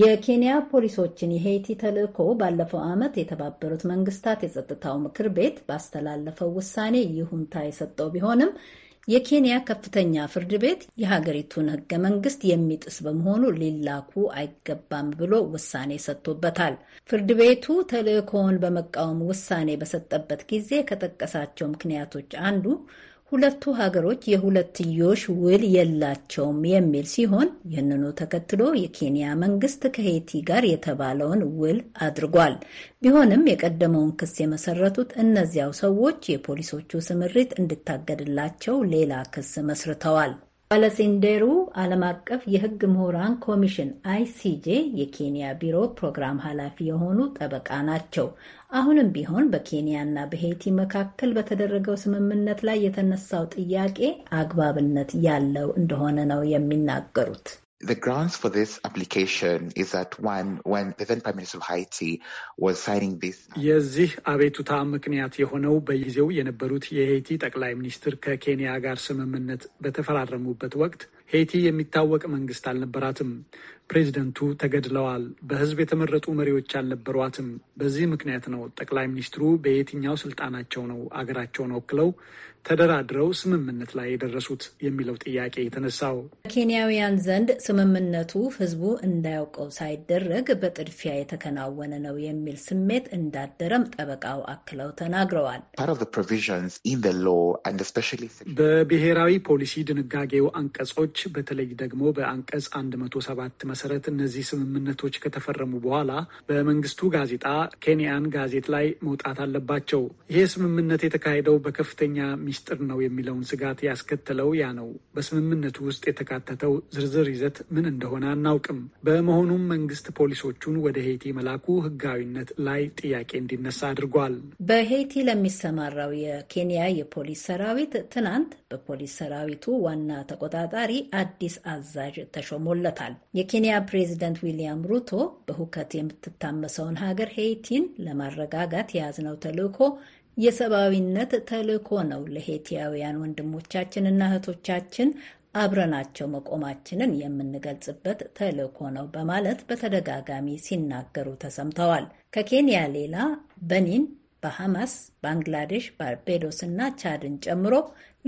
የኬንያ ፖሊሶችን የሄይቲ ተልዕኮ ባለፈው ዓመት የተባበሩት መንግስታት የጸጥታው ምክር ቤት ባስተላለፈው ውሳኔ ይሁንታ የሰጠው ቢሆንም የኬንያ ከፍተኛ ፍርድ ቤት የሀገሪቱን ህገ መንግስት የሚጥስ በመሆኑ ሊላኩ አይገባም ብሎ ውሳኔ ሰጥቶበታል። ፍርድ ቤቱ ተልዕኮውን በመቃወም ውሳኔ በሰጠበት ጊዜ ከጠቀሳቸው ምክንያቶች አንዱ ሁለቱ ሀገሮች የሁለትዮሽ ውል የላቸውም የሚል ሲሆን ይህንኑ ተከትሎ የኬንያ መንግስት ከሄቲ ጋር የተባለውን ውል አድርጓል። ቢሆንም የቀደመውን ክስ የመሰረቱት እነዚያው ሰዎች የፖሊሶቹ ስምሪት እንድታገድላቸው ሌላ ክስ መስርተዋል። ባለሴንዴሩ ዓለም አቀፍ የሕግ ምሁራን ኮሚሽን አይሲጄ የኬንያ ቢሮ ፕሮግራም ኃላፊ የሆኑ ጠበቃ ናቸው። አሁንም ቢሆን በኬንያና በሄይቲ መካከል በተደረገው ስምምነት ላይ የተነሳው ጥያቄ አግባብነት ያለው እንደሆነ ነው የሚናገሩት። The grounds for this application is that one, when the then Prime Minister of Haiti was signing this. የዚህ አቤቱታ ምክንያት የሆነው በጊዜው የነበሩት የሄይቲ ጠቅላይ ሚኒስትር ከኬንያ ጋር ስምምነት በተፈራረሙበት ወቅት ሄይቲ የሚታወቅ መንግስት አልነበራትም። ፕሬዚደንቱ ተገድለዋል። በህዝብ የተመረጡ መሪዎች አልነበሯትም። በዚህ ምክንያት ነው ጠቅላይ ሚኒስትሩ በየትኛው ስልጣናቸው ነው አገራቸውን ወክለው ተደራድረው ስምምነት ላይ የደረሱት የሚለው ጥያቄ የተነሳው። በኬንያውያን ዘንድ ስምምነቱ ህዝቡ እንዳያውቀው ሳይደረግ በጥድፊያ የተከናወነ ነው የሚል ስሜት እንዳደረም ጠበቃው አክለው ተናግረዋል። በብሔራዊ ፖሊሲ ድንጋጌው አንቀጾች ሀገሮች በተለይ ደግሞ በአንቀጽ 107 መሰረት እነዚህ ስምምነቶች ከተፈረሙ በኋላ በመንግስቱ ጋዜጣ ኬንያን ጋዜት ላይ መውጣት አለባቸው። ይሄ ስምምነት የተካሄደው በከፍተኛ ሚስጥር ነው የሚለውን ስጋት ያስከተለው ያ ነው። በስምምነቱ ውስጥ የተካተተው ዝርዝር ይዘት ምን እንደሆነ አናውቅም። በመሆኑም መንግስት ፖሊሶቹን ወደ ሄይቲ መላኩ ህጋዊነት ላይ ጥያቄ እንዲነሳ አድርጓል። በሄይቲ ለሚሰማራው የኬንያ የፖሊስ ሰራዊት ትናንት በፖሊስ ሰራዊቱ ዋና ተቆጣጣሪ አዲስ አዛዥ ተሾሞለታል። የኬንያ ፕሬዚደንት ዊሊያም ሩቶ በሁከት የምትታመሰውን ሀገር ሄይቲን ለማረጋጋት የያዝነው ተልዕኮ የሰብአዊነት ተልዕኮ ነው። ለሄቲያውያን ወንድሞቻችንና እህቶቻችን አብረናቸው መቆማችንን የምንገልጽበት ተልዕኮ ነው በማለት በተደጋጋሚ ሲናገሩ ተሰምተዋል። ከኬንያ ሌላ በኒን፣ ባሃማስ፣ ባንግላዴሽ፣ ባርቤዶስ እና ቻድን ጨምሮ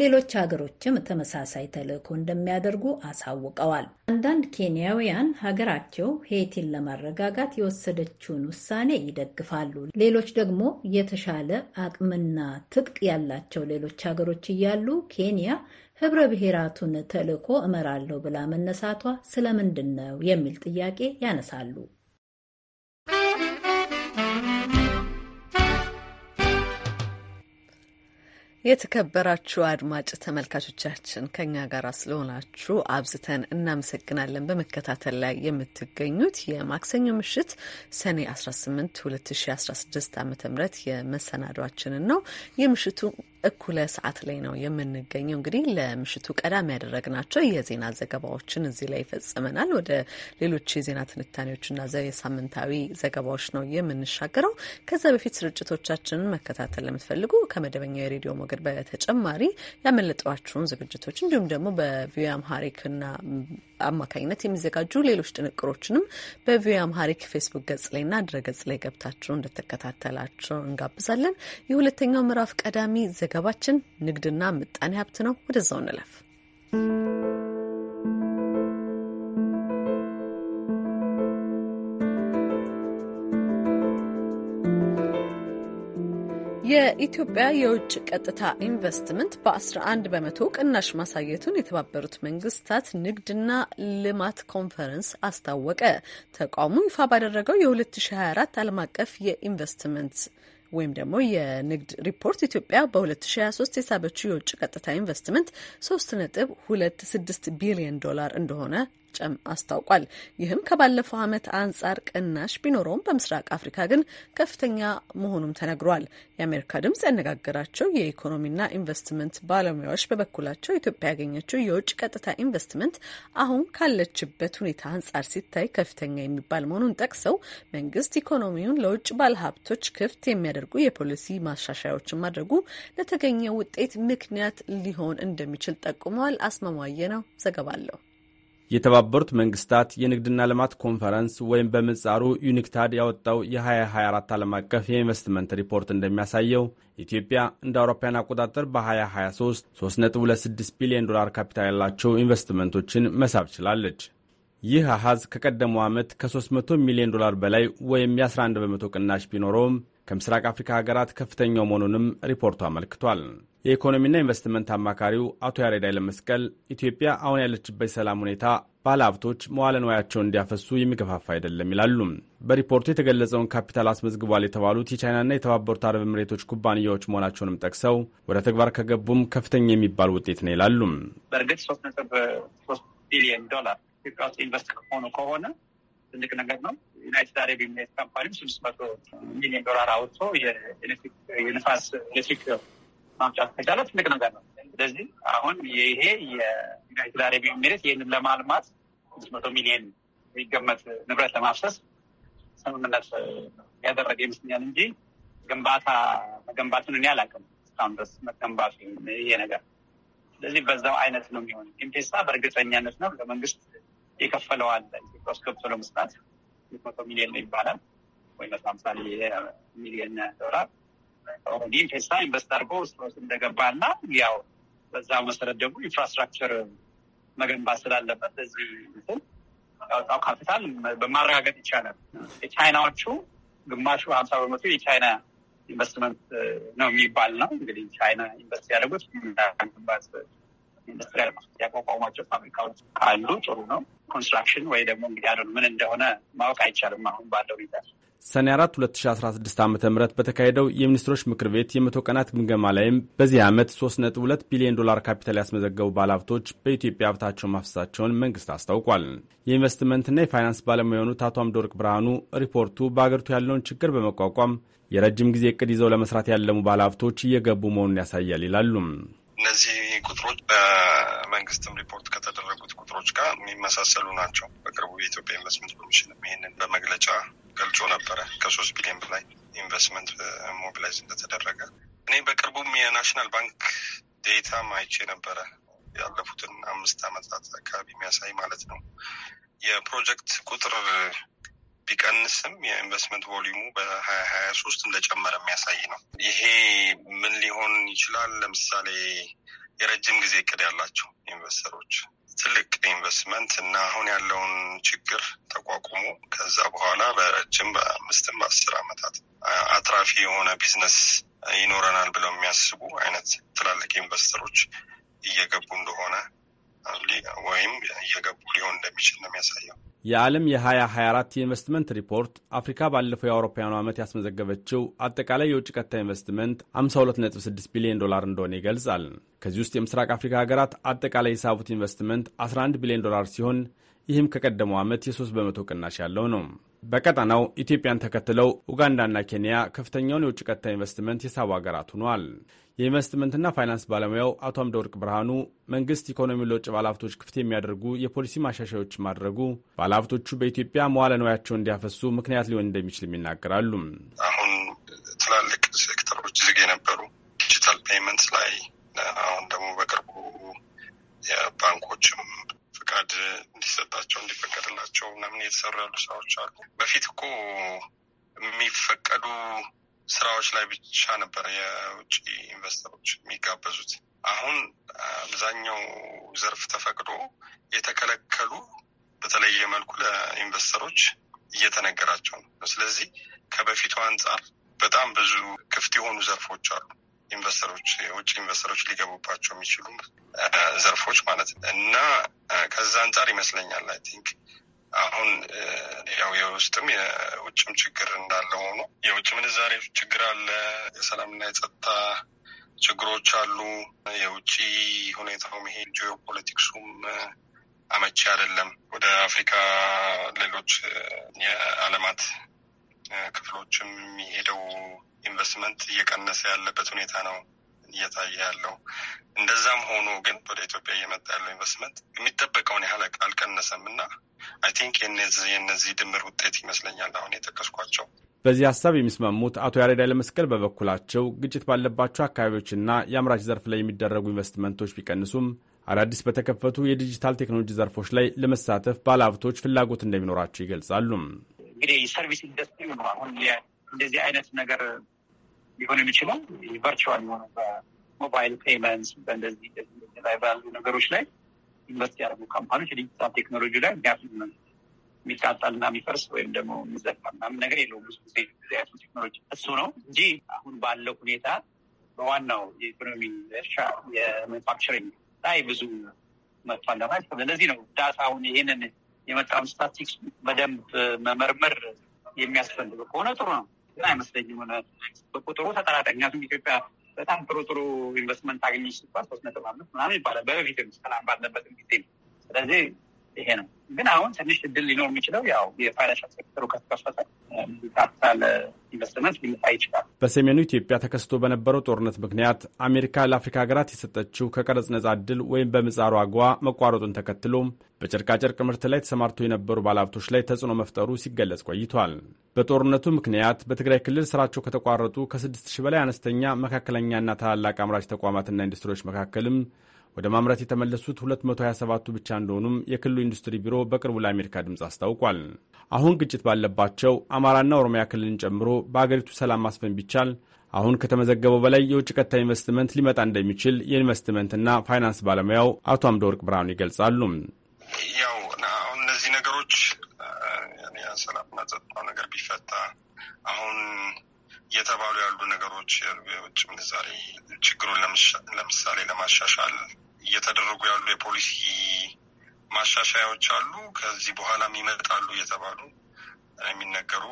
ሌሎች ሀገሮችም ተመሳሳይ ተልዕኮ እንደሚያደርጉ አሳውቀዋል። አንዳንድ ኬንያውያን ሀገራቸው ሄይቲን ለማረጋጋት የወሰደችውን ውሳኔ ይደግፋሉ። ሌሎች ደግሞ የተሻለ አቅምና ትጥቅ ያላቸው ሌሎች ሀገሮች እያሉ ኬንያ ህብረ ብሔራቱን ተልዕኮ እመራለሁ ብላ መነሳቷ ስለምንድን ነው የሚል ጥያቄ ያነሳሉ። የተከበራችሁ አድማጭ ተመልካቾቻችን ከኛ ጋር ስለሆናችሁ አብዝተን እናመሰግናለን። በመከታተል ላይ የምትገኙት የማክሰኞ ምሽት ሰኔ 18 2016 ዓ ም የመሰናዷችንን ነው። የምሽቱ እኩለ ሰዓት ላይ ነው የምንገኘው። እንግዲህ ለምሽቱ ቀዳሚ ያደረግናቸው የዜና ዘገባዎችን እዚህ ላይ ይፈጽመናል። ወደ ሌሎች የዜና ትንታኔዎችና የሳምንታዊ ዘገባዎች ነው የምንሻገረው። ከዛ በፊት ስርጭቶቻችንን መከታተል ለምትፈልጉ ከመደበኛው የሬዲዮ ሞገድ በተጨማሪ ያመለጧችሁን ዝግጅቶች እንዲሁም ደግሞ በቪኦኤ አምሃሪክና አማካኝነት የሚዘጋጁ ሌሎች ጥንቅሮችንም በቪኦኤ አምሃሪክ ፌስቡክ ገጽ ላይና ድረ ገጽ ላይ ገብታችሁ እንደተከታተላቸው እንጋብዛለን። የሁለተኛው ምዕራፍ ቀዳሚ ዘገባችን ንግድና ምጣኔ ሀብት ነው። ወደዛው እንለፍ። የኢትዮጵያ የውጭ ቀጥታ ኢንቨስትመንት በ11 በመቶ ቅናሽ ማሳየቱን የተባበሩት መንግስታት ንግድና ልማት ኮንፈረንስ አስታወቀ። ተቋሙ ይፋ ባደረገው የ2024 ዓለም አቀፍ የኢንቨስትመንት ወይም ደግሞ የንግድ ሪፖርት ኢትዮጵያ በ2023 የሳበችው የውጭ ቀጥታ ኢንቨስትመንት 326 ቢሊዮን ዶላር እንደሆነ እንደተቋጨም አስታውቋል። ይህም ከባለፈው ዓመት አንጻር ቅናሽ ቢኖረውም በምስራቅ አፍሪካ ግን ከፍተኛ መሆኑም ተነግሯል። የአሜሪካ ድምጽ ያነጋገራቸው የኢኮኖሚና ኢንቨስትመንት ባለሙያዎች በበኩላቸው ኢትዮጵያ ያገኘችው የውጭ ቀጥታ ኢንቨስትመንት አሁን ካለችበት ሁኔታ አንጻር ሲታይ ከፍተኛ የሚባል መሆኑን ጠቅሰው መንግስት ኢኮኖሚውን ለውጭ ባለሀብቶች ክፍት የሚያደርጉ የፖሊሲ ማሻሻያዎችን ማድረጉ ለተገኘ ውጤት ምክንያት ሊሆን እንደሚችል ጠቁመዋል። አስማማየ ነው ዘገባ አለው። የተባበሩት መንግስታት የንግድና ልማት ኮንፈረንስ ወይም በምጻሩ ዩኒክታድ ያወጣው የ2024 ዓለም አቀፍ የኢንቨስትመንት ሪፖርት እንደሚያሳየው ኢትዮጵያ እንደ አውሮፓውያን አቆጣጠር በ2023 3.26 ቢሊዮን ዶላር ካፒታል ያላቸው ኢንቨስትመንቶችን መሳብ ችላለች። ይህ አሐዝ ከቀደመው ዓመት ከ300 ሚሊዮን ዶላር በላይ ወይም የ11 በመቶ ቅናሽ ቢኖረውም ከምስራቅ አፍሪካ ሀገራት ከፍተኛው መሆኑንም ሪፖርቱ አመልክቷል። የኢኮኖሚና ኢንቨስትመንት አማካሪው አቶ ያሬድ ኃይለመስቀል ኢትዮጵያ አሁን ያለችበት ሰላም ሁኔታ ባለሀብቶች መዋለ ንዋያቸውን እንዲያፈሱ የሚገፋፋ አይደለም ይላሉ። በሪፖርቱ የተገለጸውን ካፒታል አስመዝግቧል የተባሉት የቻይናና የተባበሩት አረብ ኤምሬቶች ኩባንያዎች መሆናቸውንም ጠቅሰው ወደ ተግባር ከገቡም ከፍተኛ የሚባል ውጤት ነው ይላሉ። በእርግጥ ሶስት ነጥብ ሶስት ቢሊዮን ዶላር ኢትዮጵያ ውስጥ ኢንቨስት ከሆኑ ከሆነ ትልቅ ነገር ነው። ዩናይትድ አረብ ኤምሬት ካምፓኒም ስድስት መቶ ሚሊዮን ዶላር አውጥቶ የነፋስ ኤሌክትሪክ ማምጫት ከቻለ ትልቅ ነገር ነው። ስለዚህ አሁን ይሄ የዩናይትድ አረብ ኤሚሬት ይህንን ለማልማት አምስት መቶ ሚሊየን የሚገመት ንብረት ለማፍሰስ ስምምነት ያደረገ ይመስለኛል እንጂ ግንባታ መገንባትን እኔ አላውቅም እስካሁን ድረስ መገንባቱ ይሄ ነገር። ስለዚህ በዛው አይነት ነው የሚሆን። ኢንፔሳ በእርግጠኛነት ነው ለመንግስት የከፈለዋል ኢትዮጵያ ውስጥ ገብቶ ለመስራት መቶ ሚሊየን ነው ይባላል ወይ መቶ ሀምሳ ሚሊዮን ዶላር ኦህዲን ፌሳ ኢንቨስት አድርጎ ውስጥ እንደገባ እና ያው በዛ መሰረት ደግሞ ኢንፍራስትራክቸር መገንባት ስላለበት እዚህ እንትን ያወጣው ካፒታል በማረጋገጥ ይቻላል። የቻይናዎቹ ግማሹ ሀምሳ በመቶ የቻይና ኢንቨስትመንት ነው የሚባል ነው። እንግዲህ ቻይና ኢንቨስት ያደረጉት ኢንዱስትሪያል ያቋቋሟቸው ፋብሪካዎች ካሉ ጥሩ ነው። ኮንስትራክሽን ወይ ደግሞ እንግዲህ አደ ምን እንደሆነ ማወቅ አይቻልም አሁን ባለው ሁኔታ። ሰኔ አራት 2016 ዓ ም በተካሄደው የሚኒስትሮች ምክር ቤት የመቶ ቀናት ግምገማ ላይም በዚህ ዓመት 3.2 ቢሊዮን ዶላር ካፒታል ያስመዘገቡ ባለሀብቶች በኢትዮጵያ ሀብታቸው ማፍሰሳቸውን መንግስት አስታውቋል። የኢንቨስትመንትና የፋይናንስ ባለሙያ የሆኑት አቶ አምደወርቅ ብርሃኑ ሪፖርቱ በአገሪቱ ያለውን ችግር በመቋቋም የረጅም ጊዜ እቅድ ይዘው ለመስራት ያለሙ ባለሀብቶች እየገቡ መሆኑን ያሳያል ይላሉ። እነዚህ ቁጥሮች በመንግስትም ሪፖርት ከተደረጉት ቁጥሮች ጋር የሚመሳሰሉ ናቸው። በቅርቡ የኢትዮጵያ ኢንቨስትመንት ኮሚሽንም ይህንን በመግለጫ ገልጾ ነበረ። ከሶስት ቢሊዮን በላይ ኢንቨስትመንት ሞቢላይዝ እንደተደረገ እኔ በቅርቡም የናሽናል ባንክ ዴታ ማይቼ ነበረ። ያለፉትን አምስት ዓመታት አካባቢ የሚያሳይ ማለት ነው። የፕሮጀክት ቁጥር ቢቀንስም የኢንቨስትመንት ቮሊሙ በሀያ ሀያ ሶስት እንደጨመረ የሚያሳይ ነው። ይሄ ምን ሊሆን ይችላል? ለምሳሌ የረጅም ጊዜ እቅድ ያላቸው ኢንቨስተሮች ትልቅ ኢንቨስትመንት እና አሁን ያለውን ችግር ተቋቁሞ ከዛ በኋላ በረጅም በአምስትም በአስር ዓመታት አትራፊ የሆነ ቢዝነስ ይኖረናል ብለው የሚያስቡ አይነት ትላልቅ ኢንቨስተሮች እየገቡ እንደሆነ ወይም እየገቡ ሊሆን እንደሚችል ነው የሚያሳየው። የዓለም የ2024 የኢንቨስትመንት ሪፖርት አፍሪካ ባለፈው የአውሮፓውያኑ ዓመት ያስመዘገበችው አጠቃላይ የውጭ ቀጥታ ኢንቨስትመንት 526 ቢሊዮን ዶላር እንደሆነ ይገልጻል። ከዚህ ውስጥ የምስራቅ አፍሪካ ሀገራት አጠቃላይ የሳቡት ኢንቨስትመንት 11 ቢሊዮን ዶላር ሲሆን ይህም ከቀደመው ዓመት የሶስት በመቶ ቅናሽ ያለው ነው። በቀጠናው ኢትዮጵያን ተከትለው ኡጋንዳና ኬንያ ከፍተኛውን የውጭ ቀጥታ ኢንቨስትመንት የሳቡ ሀገራት ሆኗል። የኢንቨስትመንትና ፋይናንስ ባለሙያው አቶ አምደወርቅ ብርሃኑ መንግስት ኢኮኖሚ ለውጭ ባለሀብቶች ክፍት የሚያደርጉ የፖሊሲ ማሻሻዮች ማድረጉ ባለሀብቶቹ በኢትዮጵያ መዋለ ንዋያቸው እንዲያፈሱ ምክንያት ሊሆን እንደሚችል ይናገራሉ። አሁን ትላልቅ ሴክተሮች ዝግ የነበሩ ዲጂታል ፔመንት ላይ አሁን ደግሞ በቅርቡ የባንኮችም ፍቃድ እንዲሰጣቸው እንዲፈቀድላቸው ምናምን የተሰሩ ያሉ ስራዎች አሉ። በፊት እኮ የሚፈቀዱ ስራዎች ላይ ብቻ ነበር የውጭ ኢንቨስተሮች የሚጋበዙት። አሁን አብዛኛው ዘርፍ ተፈቅዶ የተከለከሉ በተለየ መልኩ ለኢንቨስተሮች እየተነገራቸው ነው። ስለዚህ ከበፊቱ አንጻር በጣም ብዙ ክፍት የሆኑ ዘርፎች አሉ። ኢንቨስተሮች የውጭ ኢንቨስተሮች ሊገቡባቸው የሚችሉ ዘርፎች ማለት ነው እና ከዛ አንጻር ይመስለኛል አይ ቲንክ አሁን ያው የውስጥም የውጭም ችግር እንዳለ ሆኖ የውጭ ምንዛሬ ችግር አለ። የሰላምና የጸጥታ ችግሮች አሉ። የውጭ ሁኔታው ይሄ ጂኦፖለቲክሱም አመቺ አይደለም። ወደ አፍሪካ ሌሎች የዓለማት ክፍሎችም የሚሄደው ኢንቨስትመንት እየቀነሰ ያለበት ሁኔታ ነው እየታየ ያለው። እንደዛም ሆኖ ግን ወደ ኢትዮጵያ እየመጣ ያለው ኢንቨስትመንት የሚጠበቀውን ያህል አልቀነሰም እና አይ ቲንክ የነዚህ ድምር ውጤት ይመስለኛል አሁን የጠቀስኳቸው። በዚህ ሀሳብ የሚስማሙት አቶ ያሬድ ኃይለመስቀል በበኩላቸው ግጭት ባለባቸው አካባቢዎችና የአምራች ዘርፍ ላይ የሚደረጉ ኢንቨስትመንቶች ቢቀንሱም አዳዲስ በተከፈቱ የዲጂታል ቴክኖሎጂ ዘርፎች ላይ ለመሳተፍ ባለሀብቶች ፍላጎት እንደሚኖራቸው ይገልጻሉ። እንግዲህ ሰርቪስ ኢንዱስትሪ ነው አሁን እንደዚህ አይነት ነገር ሊሆን የሚችለው ቨርቹዋል የሆነ በሞባይል ፔመንት በእንደዚህ ላይ ባሉ ነገሮች ላይ ኢንቨስት ያደረጉ ካምፓኒዎች ዲጂታል ቴክኖሎጂ ላይ ምክንያቱም የሚቃጠልና የሚፈርስ ወይም ደግሞ የሚዘጋ ምናምን ነገር የለው ብዙ ጊዜ ጊዜያቱ ቴክኖሎጂ እሱ ነው እንጂ አሁን ባለው ሁኔታ በዋናው የኢኮኖሚ እርሻ የማኑፋክቸሪንግ ላይ ብዙ መጥቷል ለማለት ስለዚህ ነው ዳታ አሁን ይሄንን የመጣውን ስታቲክስ በደንብ መመርመር የሚያስፈልግ ከሆነ ጥሩ ነው ግን አይመስለኝም። ሆነ በቁጥሩ ተጠራጣሪ ምክንያቱም ኢትዮጵያ በጣም ጥሩ ጥሩ ኢንቨስትመንት አገኘች ሲባል ሶስት ነጥብ አምስት ምናምን ይባላል በበፊት ሰላም ባለበትም ጊዜ። ስለዚህ ይሄ ነው። ግን አሁን ትንሽ እድል ሊኖር የሚችለው ያው የፋይናንሻል ሴክተሩ ከተከፈተ ካፒታል ኢንቨስትመንት ሊመጣ ይችላል። በሰሜኑ ኢትዮጵያ ተከስቶ በነበረው ጦርነት ምክንያት አሜሪካ ለአፍሪካ ሀገራት የሰጠችው ከቀረጽ ነጻ እድል ወይም በምጻሩ አጎዋ መቋረጡን ተከትሎም በጨርቃጨርቅ ምርት ላይ ተሰማርተው የነበሩ ባለሀብቶች ላይ ተጽዕኖ መፍጠሩ ሲገለጽ ቆይቷል። በጦርነቱ ምክንያት በትግራይ ክልል ስራቸው ከተቋረጡ ከ6000 በላይ አነስተኛ መካከለኛና ታላላቅ አምራች ተቋማትና ኢንዱስትሪዎች መካከልም ወደ ማምረት የተመለሱት 227ቱ ብቻ እንደሆኑም የክልሉ ኢንዱስትሪ ቢሮ በቅርቡ ለአሜሪካ ድምፅ አስታውቋል። አሁን ግጭት ባለባቸው አማራና ኦሮሚያ ክልልን ጨምሮ በአገሪቱ ሰላም ማስፈን ቢቻል አሁን ከተመዘገበው በላይ የውጭ ቀጥታ ኢንቨስትመንት ሊመጣ እንደሚችል የኢንቨስትመንትና ፋይናንስ ባለሙያው አቶ አምደወርቅ ብርሃኑ ይገልጻሉ። ያው አሁን እነዚህ ነገሮች ሰላምና ጸጥታው ነገር ቢፈታ አሁን እየተባሉ ያሉ ነገሮች የውጭ ምንዛሬ ችግሩን ለምሳሌ ለማሻሻል እየተደረጉ ያሉ የፖሊሲ ማሻሻያዎች አሉ። ከዚህ በኋላም ይመጣሉ እየተባሉ የሚነገሩ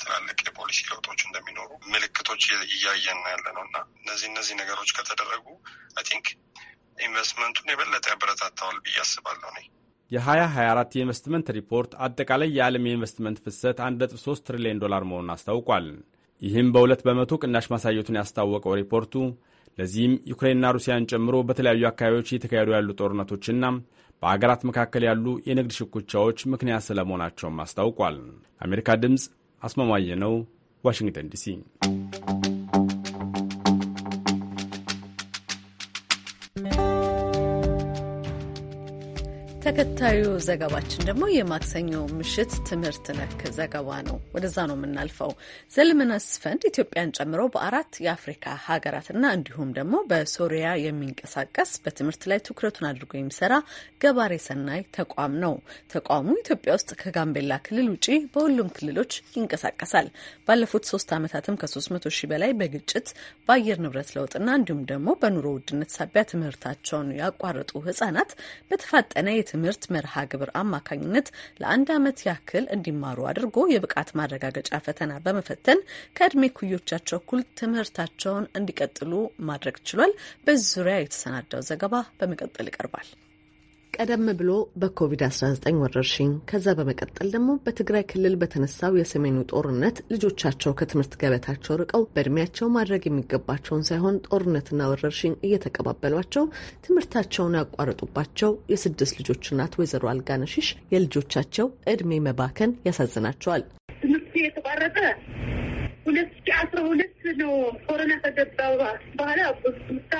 ትላልቅ የፖሊሲ ለውጦች እንደሚኖሩ ምልክቶች እያየን ያለ ነው እና እነዚህ እነዚህ ነገሮች ከተደረጉ አይ ቲንክ ኢንቨስትመንቱን የበለጠ ያበረታታዋል ብዬ አስባለሁ ነ የ2024 የኢንቨስትመንት ሪፖርት አጠቃላይ የዓለም የኢንቨስትመንት ፍሰት 1.3 ትሪሊዮን ዶላር መሆኑን አስታውቋል። ይህም በሁለት በመቶ ቅናሽ ማሳየቱን ያስታወቀው ሪፖርቱ ለዚህም ዩክሬንና ሩሲያን ጨምሮ በተለያዩ አካባቢዎች እየተካሄዱ ያሉ ጦርነቶችና በአገራት መካከል ያሉ የንግድ ሽኩቻዎች ምክንያት ስለመሆናቸውም አስታውቋል። አሜሪካ ድምፅ አስማማየ ነው፣ ዋሽንግተን ዲሲ። Thank you. ተከታዩ ዘገባችን ደግሞ የማክሰኞ ምሽት ትምህርት ነክ ዘገባ ነው። ወደዛ ነው የምናልፈው። ዘልመነስ ፈንድ ኢትዮጵያን ጨምሮ በአራት የአፍሪካ ሀገራትና እንዲሁም ደግሞ በሶሪያ የሚንቀሳቀስ በትምህርት ላይ ትኩረቱን አድርጎ የሚሰራ ገባሬ ሰናይ ተቋም ነው። ተቋሙ ኢትዮጵያ ውስጥ ከጋምቤላ ክልል ውጪ በሁሉም ክልሎች ይንቀሳቀሳል። ባለፉት ሶስት ዓመታትም ከ 300 ሺህ በላይ በግጭት በአየር ንብረት ለውጥና እንዲሁም ደግሞ በኑሮ ውድነት ሳቢያ ትምህርታቸውን ያቋረጡ ህጻናት በተፋጠነ የትምህርት የትምህርት መርሃ ግብር አማካኝነት ለአንድ ዓመት ያክል እንዲማሩ አድርጎ የብቃት ማረጋገጫ ፈተና በመፈተን ከእድሜ ኩዮቻቸው እኩል ትምህርታቸውን እንዲቀጥሉ ማድረግ ችሏል። በዙሪያ የተሰናዳው ዘገባ በመቀጠል ይቀርባል። ቀደም ብሎ በኮቪድ-19 ወረርሽኝ ከዛ በመቀጠል ደግሞ በትግራይ ክልል በተነሳው የሰሜኑ ጦርነት ልጆቻቸው ከትምህርት ገበታቸው ርቀው በእድሜያቸው ማድረግ የሚገባቸውን ሳይሆን ጦርነትና ወረርሽኝ እየተቀባበሏቸው ትምህርታቸውን ያቋረጡባቸው የስድስት ልጆች እናት ወይዘሮ አልጋነሽሽ የልጆቻቸው እድሜ መባከን ያሳዝናቸዋል። ትምህርት የተቋረጠ ሁለት ሺ አስራ ሁለት ነው ኮሮና ከገባ በኋላ ምሳ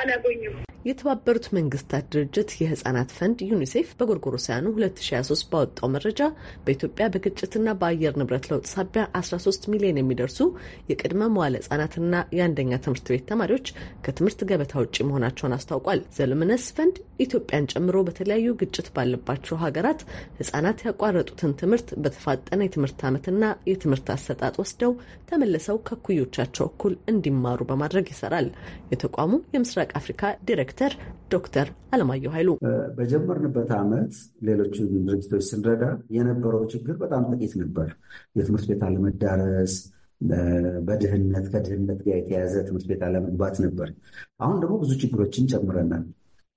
አላገኙም። የተባበሩት መንግስታት ድርጅት የህጻናት ፈንድ ዩኒሴፍ በጎርጎሮሳያኑ 2023 ባወጣው መረጃ በኢትዮጵያ በግጭትና በአየር ንብረት ለውጥ ሳቢያ 13 ሚሊዮን የሚደርሱ የቅድመ መዋለ ህጻናትና የአንደኛ ትምህርት ቤት ተማሪዎች ከትምህርት ገበታ ውጭ መሆናቸውን አስታውቋል። ዘልምነስ ፈንድ ኢትዮጵያን ጨምሮ በተለያዩ ግጭት ባለባቸው ሀገራት ህጻናት ያቋረጡትን ትምህርት በተፋጠነ የትምህርት ዓመትና የትምህርት አሰጣጥ ወስደው ተመልሰው ከኩዮቻቸው እኩል እንዲማሩ በማድረግ ይሰራል። የተቋሙ የምስራቅ አፍሪካ ዲሬክተር ዶክተር አለማየሁ ኃይሉ በጀመርንበት ዓመት ሌሎችን ድርጅቶች ስንረዳ የነበረው ችግር በጣም ጥቂት ነበር። የትምህርት ቤት አለመዳረስ በድህነት ከድህነት ጋር የተያዘ ትምህርት ቤት አለመግባት ነበር። አሁን ደግሞ ብዙ ችግሮችን ጨምረናል።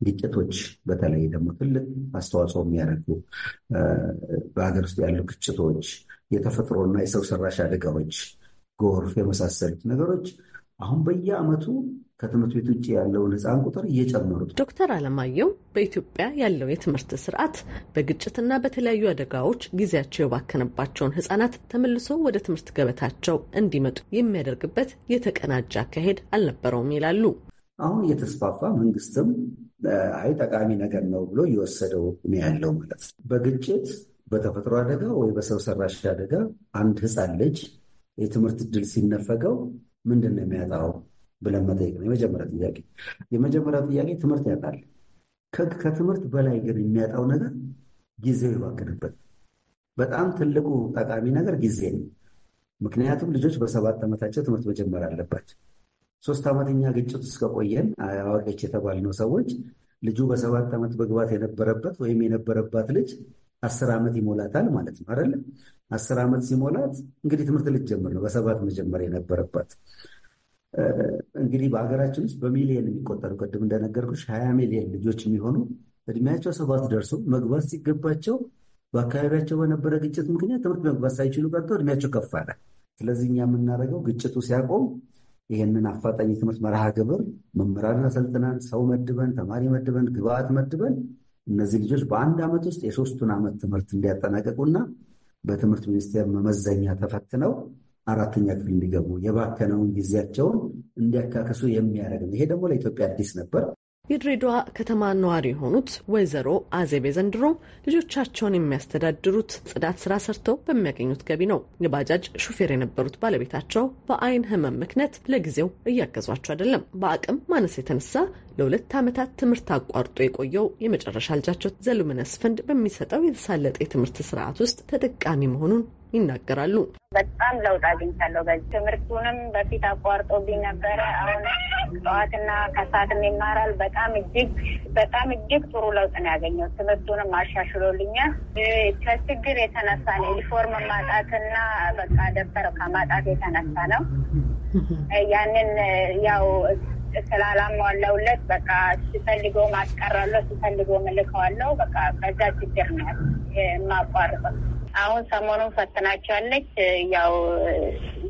ግጭቶች፣ በተለይ ደግሞ ትልቅ አስተዋጽኦ የሚያደርጉ በሀገር ውስጥ ያሉ ግጭቶች፣ የተፈጥሮና የሰው ሰራሽ አደጋዎች ጎርፍ የመሳሰሉት ነገሮች አሁን በየአመቱ ከትምህርት ቤት ውጭ ያለውን ህፃን ቁጥር እየጨመሩት። ዶክተር አለማየሁ በኢትዮጵያ ያለው የትምህርት ስርዓት በግጭትና በተለያዩ አደጋዎች ጊዜያቸው የባከነባቸውን ህጻናት ተመልሶ ወደ ትምህርት ገበታቸው እንዲመጡ የሚያደርግበት የተቀናጀ አካሄድ አልነበረውም ይላሉ። አሁን እየተስፋፋ መንግስትም አይ ጠቃሚ ነገር ነው ብሎ እየወሰደው ነው ያለው ማለት ነው። በግጭት በተፈጥሮ አደጋ ወይ በሰው ሰራሽ አደጋ አንድ ህፃን ልጅ የትምህርት እድል ሲነፈገው ምንድን ነው የሚያጣው ብለን መጠየቅ ነው የመጀመሪያ ጥያቄ። የመጀመሪያ ጥያቄ ትምህርት ያጣል። ከትምህርት በላይ ግን የሚያጣው ነገር ጊዜው ይባክንበት። በጣም ትልቁ ጠቃሚ ነገር ጊዜ ነው። ምክንያቱም ልጆች በሰባት ዓመታቸው ትምህርት መጀመር አለባቸው። ሶስት ዓመተኛ ግጭት ውስጥ ከቆየን አዋቂዎች የተባልነው ሰዎች ልጁ በሰባት ዓመት መግባት የነበረበት ወይም የነበረባት ልጅ አስር ዓመት ይሞላታል ማለት ነው አይደለም። አስር ዓመት ሲሞላት እንግዲህ ትምህርት ልትጀምር ነው። በሰባት መጀመር የነበረባት እንግዲህ በሀገራችን ውስጥ በሚሊየን የሚቆጠሩ ቅድም እንደነገርኩሽ ሀያ ሚሊየን ልጆች የሚሆኑ እድሜያቸው ሰባት ደርሶ መግባት ሲገባቸው በአካባቢያቸው በነበረ ግጭት ምክንያት ትምህርት መግባት ሳይችሉ ቀርቶ እድሜያቸው ከፍ አለ። ስለዚህ እኛ የምናደርገው ግጭቱ ሲያቆም ይህንን አፋጣኝ ትምህርት መርሃ ግብር መምህራን አሰልጥነን ሰው መድበን ተማሪ መድበን ግብአት መድበን እነዚህ ልጆች በአንድ ዓመት ውስጥ የሶስቱን ዓመት ትምህርት እንዲያጠናቀቁና በትምህርት ሚኒስቴር መመዘኛ ተፈትነው አራተኛ ክፍል እንዲገቡ የባከነውን ጊዜያቸውን እንዲያካክሱ የሚያደርግ ነው። ይሄ ደግሞ ለኢትዮጵያ አዲስ ነበር። የድሬዳዋ ከተማ ነዋሪ የሆኑት ወይዘሮ አዜቤ ዘንድሮ ልጆቻቸውን የሚያስተዳድሩት ጽዳት ስራ ሰርተው በሚያገኙት ገቢ ነው። የባጃጅ ሹፌር የነበሩት ባለቤታቸው በአይን ህመም ምክንያት ለጊዜው እያገዟቸው አይደለም። በአቅም ማነስ የተነሳ ለሁለት ዓመታት ትምህርት አቋርጦ የቆየው የመጨረሻ ልጃቸው ዘሉመነስ ፈንድ በሚሰጠው የተሳለጠ የትምህርት ስርዓት ውስጥ ተጠቃሚ መሆኑን ይናገራሉ። በጣም ለውጥ አግኝቻለሁ። በዚህ ትምህርቱንም በፊት አቋርጦብኝ ነበረ። አሁን ጠዋትና ከሰዓትም ይማራል። በጣም እጅግ በጣም እጅግ ጥሩ ለውጥ ነው ያገኘው። ትምህርቱንም አሻሽሎልኛል። ከችግር የተነሳ ነው ዩኒፎርም ማጣትና በቃ ደብተር ከማጣት የተነሳ ነው። ያንን ያው ስላላሟላውለት በቃ ሲፈልገው ማስቀራለሁ፣ ሲፈልገው ምልከዋለሁ። በቃ በዛ ችግር ነው የማቋርጠው። አሁን ሰሞኑን ፈትናቸዋለች። ያው